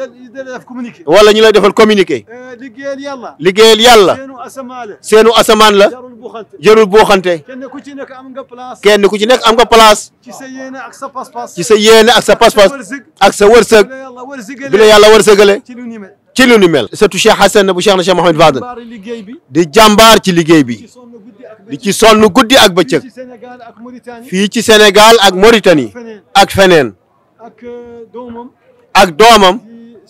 wala ñu lay defal communiqué. Eh, liggéeyal yàlla. liggéeyal yàlla. seenu asamaan la. seenu asamaan la. jarul buuxante. jarul buuxante. kenn ku ci nekk am nga place. kenn ku ci nekk am nga place. ci sa yéene ak sa pas-pas. sa yéene ak sa pas-pas. ak sa wërsëg. bi la yàlla wërsëgale. ci lu ni mel. ci lu ni mel. surtout Cheikh Hassan bu Cheikh na Cheikh Mouhamed Fadel. di jàmbaar ci liggéey bi. di ci sonn guddi ak bëccëg. fii ci Sénégal ak Mauritanie. ak feneen. ak euh, doomam.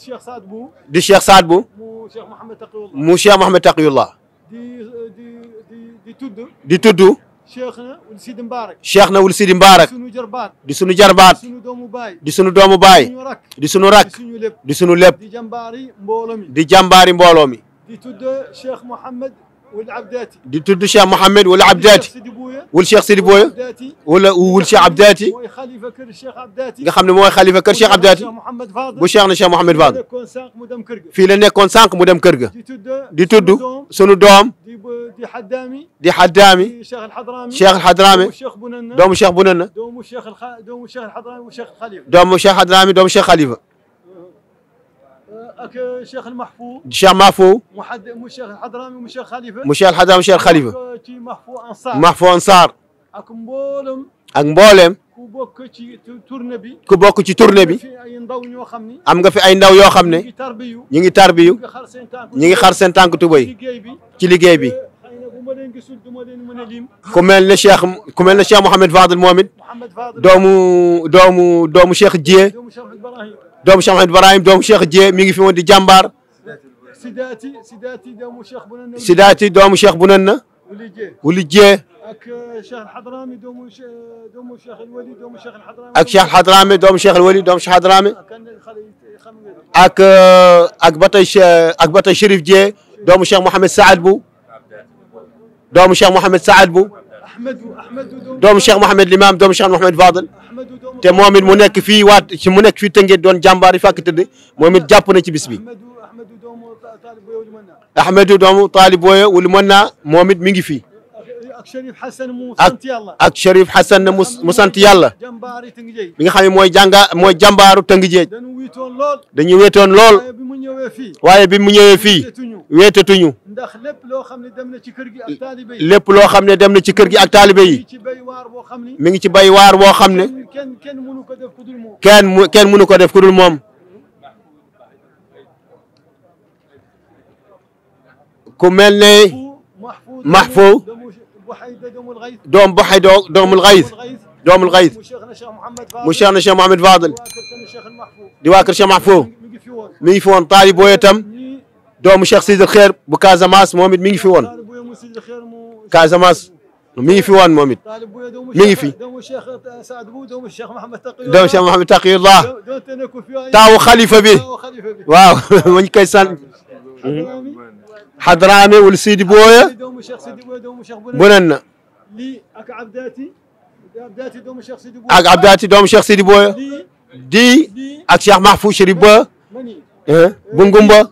Cheikh Saad bu. di Cheikh Saad bu. mu Cheikh Mouhamed Taqiyullah. mu Cheikh Mouhamed Taqiyullah. di di di di tudd. di tudd. Cheikh na wul Sidi Mbarak. Cheikh na wul Sidi Mbarak. di sunu jarbaat. di sunu jarbaat. di sunu doomu baay. di sunu doomu baay. di sunu rakk. di sunu lépp. di sunu lépp. di jàmbaari mbooloo mi. di jàmbaari mbooloo mi. di tudd Cheikh Mouhamed. di tudd Cheikh Mouhamed wala Abdaati wul Cheikh Sidi Bouya wala wul Cheikh Abdaati nga xam ne mooy xalifa kër Cheikh Abdaati bu Cheikh na Cheikh Mouhamed Fadel fii la nekkoon sànq mu dem kër ga di tudd sunu doom di Haddaami Cheikh al Hadraami doomu Cheikh Bunanna doomu Cheikh Hadraami doomu Cheikh Khalifa ak euh, Cheikh al Mahfou. Cheikh Mahfou. mu xa mu Cheikh al Hadrami mu Cheikh Khalifa. mu Cheikh al Hadrami Cheikh Khalifa. Euh, ci Mahfou Ansar. Mahfou Ansar. ak mboolem. ak mboolem. ku bokk ci tournée bi. ku bokk ci tournée bi. am nga fi ay ndaw yoo xam ne. ñu ngi tarbiyu. ñu ngi xar seen tànk tubéy. ci liggéey bi. Euh, ku mel ne Cheikh ku mel ne Cheikh Mouhamed Fadel moom it. doomu doomu doomu Cheikh Dieye. doomu Cheikh Ahmed Ibrahim doomu Cheikh Dieng mi ngi fi woon di jàmbaar. Sidaati Sidaati doomu Cheikh Bunanna. Sidaati doomu Cheikh Bunanna. Wuli Dieng. Euh, euh, ak Cheikh Hadrami doomu Cheikh Wali doomu Cheikh Hadrami. ak Cheikh Hadrami doomu Cheikh Wali doomu Cheikh Hadrami. ak euh, ak ba tey ak ba tey Chérif Dieng doomu Cheikh Mouhamed Saad bu. doomu Cheikh Mouhamed Saad bu. doomu Cheikh Mouhamed Limam doomu Cheikh Mouhamed Fadel te moom it mu nekk fii waat ci mu nekk fii Tëngéej doon jàmbaar yi fàkk tëdd moom it jàpp na ci bis bi Ahmedou doomu Taalib Boye wulu mën naa moom it mi ngi fii ak ak Cherif Hassan mu mu sant yàlla bi nga xam ne mooy jànga mooy jàmbaaru Tëngéej dañu wéetoon lool waaye bi mu ñëwee fii weetatuñu ndax lépp loo xam ne dem na ci kër gi loo xam ne dem na ci kër gi ak taalibe yi mi ngi ci bay waar boo xam ne kenn kenn mënu ko def ku dul kenn mënu ko def ku dul moom mel ne Mahfouz doom bu xay doomul xays mu Cheikh na Cheikh Mouhamed Fadel di waa kër Cheikh Mahfouz mi ngi fi doomu Cheikh Sidil Xeer bu Casamance moom it mi ngi fi woon Casamance mi ngi fi woon moom it mi ngi fi doomu Cheikh Mouhamed Taqiyullah taawu xalifa bi waaw ma ñu koy sant Hadraame wala Sidi Booya bunen na ak Abdaati doomu Cheikh Sidi Booya di ak Cheikh Mahfou Chérif Ba eh, Bungumba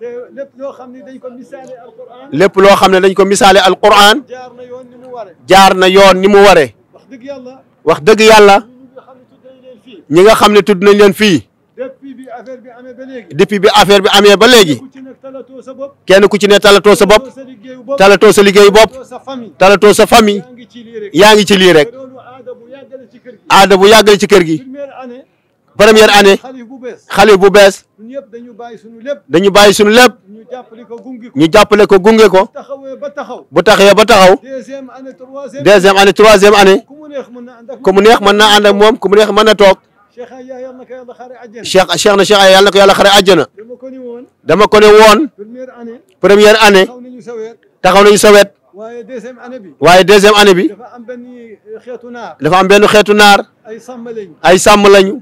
lépp loo xam ne dañ ko misaale alquran lépp loo xam ne dañ ko misaale alquran jaar na yoon ni mu ware jaar wax dëgg yàlla ñi nga xam ne tudd nañ leen fii depuis bi affaire bi amee ba léegi depuis bi affaire bi amee ba léegi kenn ku ci ne talatoo sa bopp talatoo sa liggéeyu bopp talatoo sa famille yaa ngi ci lii rek aada bu yàggale ci kër gi première année xale bu bees dañu bàyyi suñu lépp ñu jàppale ko gunge ko bu taxawee ba taxaw deuxième année troisième année ku mu neex mën na ànd ak moom ku mu neex mën na toog cheikh cheikh na cheikh ay yàlla na ko yàlla xare àjjana dama ko ne woon première année taxaw nañu sa wet waaye deuxième année bi waaye deuxième année bi dafa am benn xeetu naar dafa am benn xeetu naar ay sàmm lañu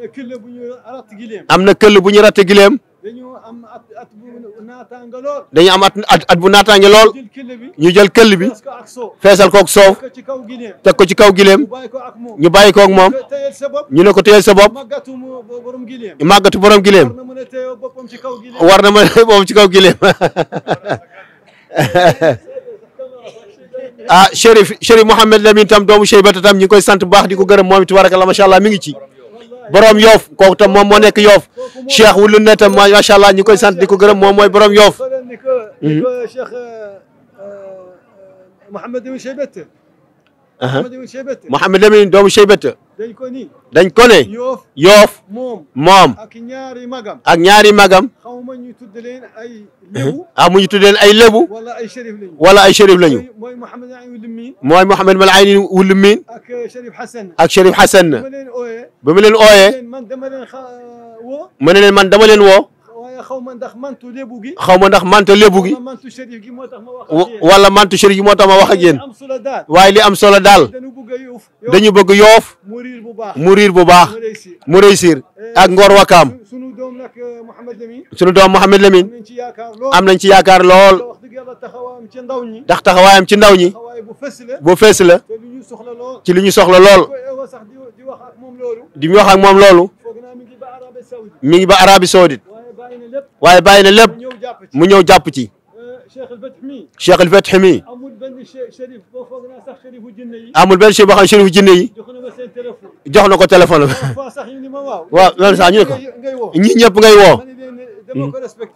na bu ñu ratt am na këll bu ñu ratt gileem. dañu am at at bu naataange lool. dañu am at at bu naataange lool. ñu jël këll bi. feesal koog soow. teg ko ci kaw gileem. ñu bàyyi koog moom. ñu ne ko téyel sa bopp. màggatu borom gileem. war na ma boppam ci kaw gileem. ah Chérif Chérif Mouhamed Lamine tam doomu Cheybata tam ñu ngi sant bu baax di ko gërëm moom it tabaaraka Allah allah mi ngi ci. borom yoof kooku tam moom moo nekk yoof cheikh wulu ne tam macha allah ñu koy sant di ko gërëm moom mooy borom yoof Mouhamed Lamine doomu Cheybette dañ ko ni dañ ko ne yoof moom ak ñaari magam ak ñaari magam xaw ma ñu tudd leen ay lébu ah mu ñu leen ay lébu wala ay shérif lañu wala ay shérif lañu mooy Mouhamed Ayni Wulu Miin mooy Mouhamed Mal Ayni Wulu Miin ak euh, shérif ak shérif Hassan ba mu leen ooyee man dama leen euh, mu ne leen man dama leen woo xaw ma ndax mantu lébu gi xaw ma ndax mantu lébu gi wala mantu shérif gi moo tax ma wax ak yéen waaye li am solo daal dañu bëgg yoof mu riir bu baax mu réussir eh, ak Ngor Wakaam eh, sunu doom Mouhamed Lamine am nañ ci yaakaar lool ndax taxawaayam ci ndaw ñi bu fees la ci li ñu soxla lool di wax ak moom loolu mi ngi ba Arabie Saoudite waaye bàyyi na lépp mu ñëw jàpp ci eh, Cheikh amul benn chérif boo xam ne chérifu jinne yi jox na ko téléphone waaw loolu sax ñu ne ko ñi ñëpp ngay woo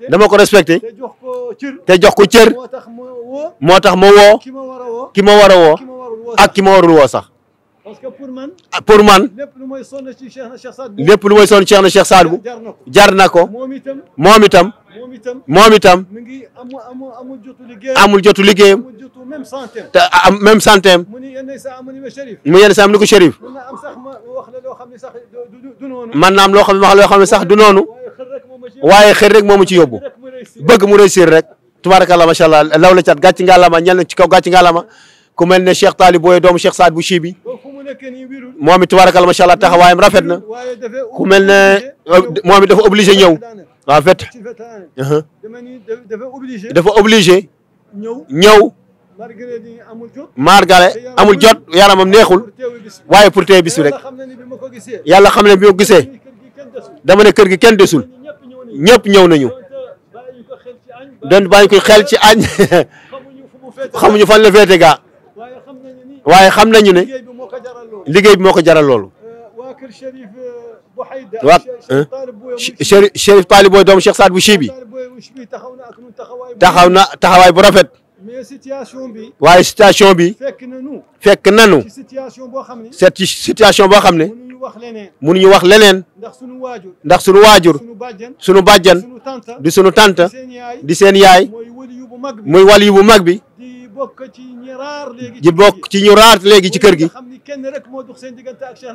dama ko respecté te jox ko cër moo tax ma woo ki ma war a woo ak ki ma warul woo sax parce que pour man ah, pour man lépp lu mooy sonn ci Cheikh na Cheikh Saad Bou jar na ko moom itam moom itam amul jotu liggéeyam te am même centième. mu yenn saa am ni ko Chérif. man naa am loo xam ne wax loo xam ne sax du noonu. waaye xër rek moomu ci yóbbu. bëgg mu réussir rek. tubaarakallah macha allah law la cat gàcc ngàllama ñal na ci kaw gàcc ngàllama ku mel ne Cheikh Taalib Boye doomu Cheikh Saad bu Chi bi. moom it tubaarakallah macha allah taxawaayam rafet na. ku mel ne moom it dafa obligé ñëw. en fait. Uh-huh. dafa obligé. ñëw. margare amul jot yaramam neexul waaye pour tey bis bi rek yàlla xam ne bi ma gisee dama ne kër gi kenn desul ñëpp ñëw nañu doon bàyyi ko xel ci añ xamuñu fan la féete gaa waaye xam nañu ne liggéey bi moo ko jaral loolu euh, waa Chérif Paali Booy doomu Cheikh Saad bu Chibi taxaw na taxawaay bu rafet situation bi. waaye situation bi. fekk nanu fekk nanu. ci situation boo xam ne. cette situation boo xam ne. mënuñu wax leneen. mënuñu wax leneen. ndax sunu waajur. ndax sunu waajur. sunu bàjjan. sunu bàjjan. di sunu tante. di seen yaay. muy waliyu bu mag bi. muy waliyu bu mag bi. di bokk ci ñu raar léegi. di bokk ci ñu raar léegi ci kër gi.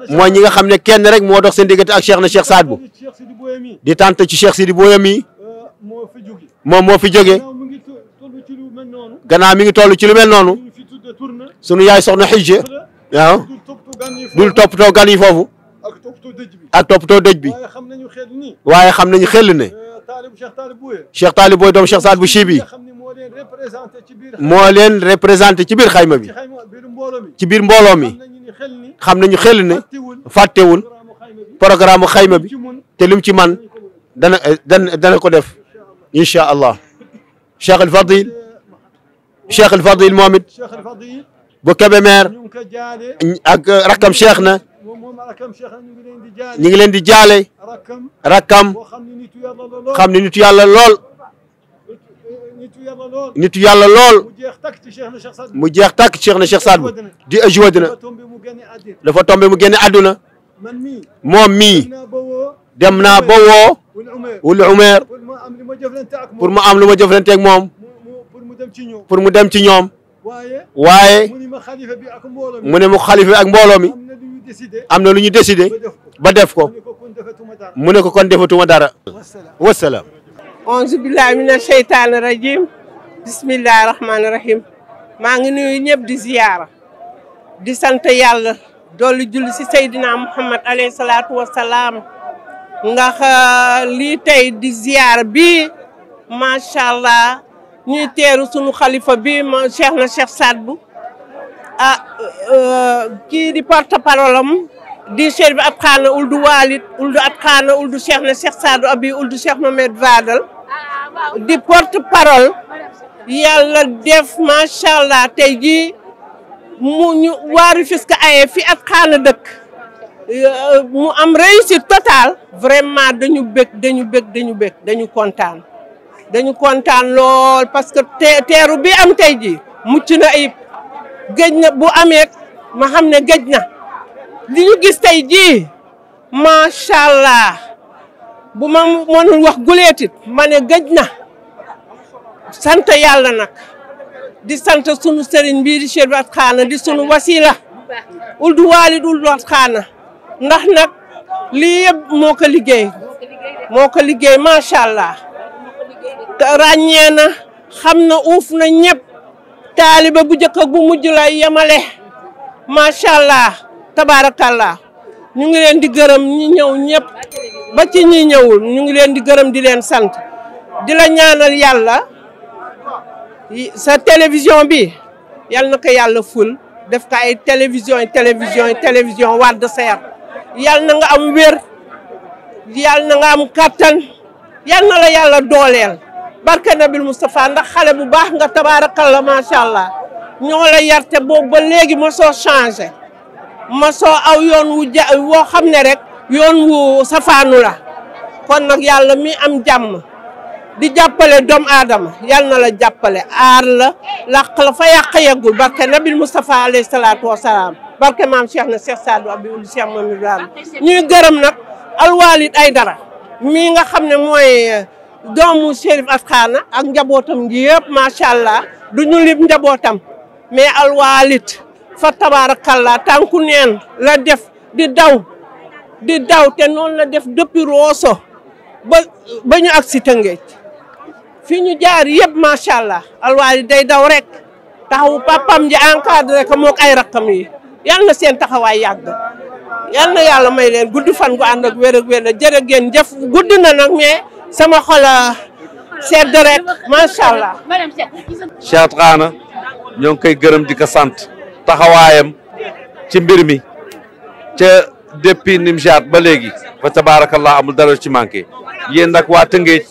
mooy ñi nga xam ne kenn rek moo dox seen diggante ak Cheikh na Cheikh Saad Bou. di tante ci Cheikh Sidi Boyam yi. moom moo fi jóge. gannaaw mi ngi toll ci lu mel noonu sunu yaay soxna xijje waaw dul toppatoo gan yi foofu ak toppatoo dëj bi waaye xam nañu xel ne euh, Cheikh Taalib Booy doom Cheikh Saad bu Chibi moo leen représenté ci biir xayma bi ci biir mbooloo mi xam nañu xel ne fàttewul xayma bi te lim ci man dana eh, dana dana ko def incha allah Cheikh al Cheikh El Fadil moom it bu Kébémer ak euh, rakkam Cheikh na ñu ngi leen di jaale rakkam xam ne nitu yàlla lool nitu yàlla lool mu jeex tàkk Cheikh na Cheikh Saad Bou di ajuwa dina dafa tombé mu génne àdduna moom mii dem naa ba woo wul umeer pour mu am lu ma jëflante ak moom pour mu dem ci ñoom waaye mu ne mu xalifa bi ak mbooloo mi am na lu ñu décidé ba def ko mu ne ko kon defatuma dara wasalaam onze billahi a sheytaani rajim bismillahi rahmaani rahim maa ngi nuyu ñëpp di ziyaara di sant yàlla doolu julli si Seydina Muhammad alayhi salaatu wasalaam ndax lii tey di ziyaara bi macha allah ñuy teeru sunu xalifa bi ma Cheikh na Cheikh Saad Bou ah, euh, kii di porte parole am di cheikh bi ab xaana uldu Walid uldu ab xaana uldu Cheikh na Cheikh Saad Bou abi uldu Cheikh Mohamed Vadal di porte parole yàlla def macha allah tey jii mu ñu waaru fiska aye fi ab xaana dëkk euh, mu am réussite totale vraiment dañu bëgg dañu bëgg dañu kontaan dañu kontaan lool parce que teeru bi am tey jii mucc na ayib géej na bu amee ma xam ne géej na li ñu gis tey jii macha allah bu ma mënul wax guleetit ma ne géej na sant yàlla nag di sant sunu sëriñ bii di Cheikh Wat Xaana di sunu wasila ul du waalid ul Wat Xaana ndax nag lii moo ko liggéey moo ko liggéey macha allah ràññee na xam na uuf na ñëpp taaliba bu njëkk ak bu mujj lay yemale macha allah tabaarakallah ñu ngi leen di gërëm ñi ñëw ñëpp ba ci ñi ñëwul ñu ngi leen di gërëm di leen sant di la ñaanal yàlla sa télévision bi yal na ko yàlla ful def kay ay télévision yi télévision yi télévision Wade Seer yal na nga am wér yal na nga am kàttan yal na la yàlla dooleel barke nabil Moustapha ndax xale bu baax nga tabaarakalla macha allah ñoo la yarte boobu ba léegi ma soo changé ma soo aw yoon wu ja woo xam ne rek yoon wu safaanu la kon nag yàlla mi am jàmm di jàppale doom aadama yal na la jàppale aar la làq la fa yàq yeggul barke nabil Moustapha alayhi salaatu wa salaam barke maam Cheikh na Cheikh Sadou Abdoul Cheikh Mamadou ñuy gërëm nag alwalid ay dara mi nga xam ne mooy. doomu Chérif Asxaana ak njabootam gi yëpp macha allah du ñu lim njabootam mais alwaalit fa tabaarakallaa tànku nen la def di daw di daw te noonu la def depuis Rosso ba ba ñu ak si Tëngéej fi ñu jaar yëpp macha allah alwaalit day daw rek taxawu papam ji encadré ko mook ay rakkam yi yal na seen taxawaay yàgg yal na yàlla may leen gudd fan gu ànd ak wér ak wér jërë ngeen jëf gudd na nag mais. sama xol sedd rek macha Aana ñoo ngi koy gërëm di ko sant taxawaayam ci mbir mi ca depuis Nimjaat ba léegi fa tabaarakallah amul dara ci manqué yéen nag waa Tëngéej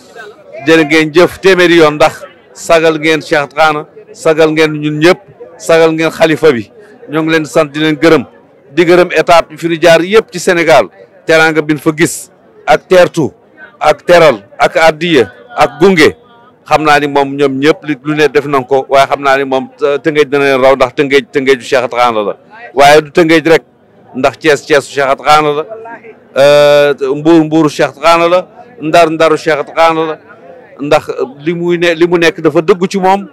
jërë ngeen jëf téeméeri yoon ndax sagal ngeen Cheikh Aana sagal ngeen ñun ñëpp sagal ngeen xalifa bi ñoo ngi leen di sant di leen gërëm di gërëm étape bi fi ñu jaar yëpp ci Sénégal teraanga bin fa gis ak teertu ak teral ak addiya ak gunge xam naa ni moom ñoom ñëpp li lu ne def nañ ko waaye xam naa ni moom euh, tëngéej dana leen raw ndax tëngéej tëngéeju Cheikh Anta Diagne la waaye du tëngéej rek ndax cees Thièsu Cheikh Anta Diagne la euh, mbuur mbuuru Cheikh Anta Diagne la ndar ndaru Cheikh Anta ndax li muy ne li mu nekk dafa dëgg ci moom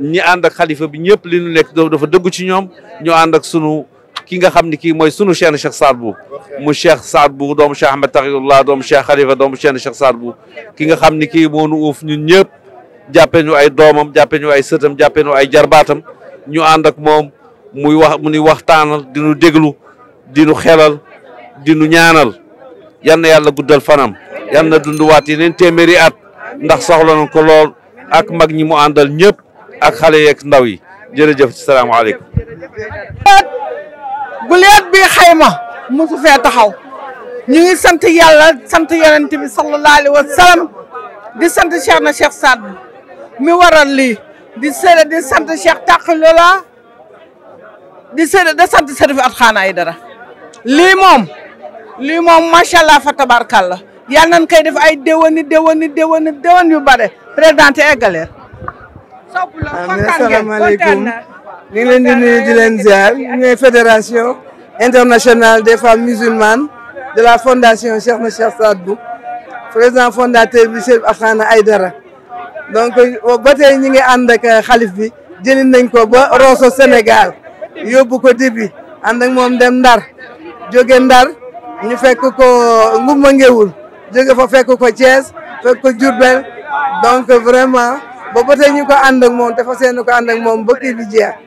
ñi ànd xalifa bi ñëpp li ñu nekk dafa dëgg ci ñoom ñu ànd sunu ki nga xam ni kii mooy sunu cheikh na Saad Bou mu cheikh Saad bu doom cheikh Ahmed Takhiyullah doomu cheikh Khalifa doomu cheikh na cheikh Saad Bou ki nga xam ni kii moonu uuf ñun ñëpp jàppee ñu ay doomam jàppee ñu ay sëtam jàppee ñu ay jarbaatam ñu ànd ak moom muy wax mu ni waxtaanal di nu déglu di nu xelal di nu ñaanal yan na yàlla guddal fanam yan na dunduwaat yeneen téeméeri at ndax soxla nañ ko lool ak mag ñi mu àndal ñëpp ak xale yeeg ndaw yi jërëjëf salaamaaleykum guleet bi xayma mosu fee taxaw ñu ngi sant yàlla sant yonent bi sallallahu alayhi wa di sant cheikh na cheikh Saad mi waral lii di sële di sant cheikh Taqilula di sële di sant Serif at xaana ay dara lii moom lii moom macha allah fa tabarkàlla yàlla nañ koy def ay déwéni déwéni déwéni déwén yu bare présidente eggaleer ñu ngi leen di nuyu di leen ziar ñooy fédération internationale des femmes musulmanes de la fondation Cheikhna Cheikh Saad Bou président fondateur bi Cheikh ay dara donc euh, ba tey ñi ngi ànd ak euh, xalif bi jëli nañ ko ba Rosso Sénégal yóbbu ko dibi ànd ak moom dem Ndar jóge Ndar ñu fekk ko Ngumba Ngéwul jóge fa fekk ko Thiès fekk ko Diourbel donc vraiment boo ba tey ñu ko ànd ak moom dafa seen ko ànd ak moom ba kii jeex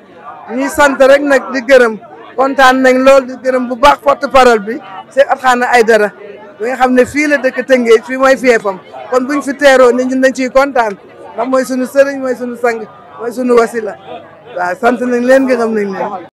ñuy sant rek nag di gërëm kontaan nañ lool di gërëm bu baax porte parole bi se Cheikh Atkhana Aidara bi nga xam ne fii la dëkk Tëngéej fii mooy fiefam kon buñ fi teeroo ni ñun dañ ciy kontaan ndax mooy sunu sëriñ mooy sunu sang mooy sunu wasila waaw sant nañ leen gërëm nañ leen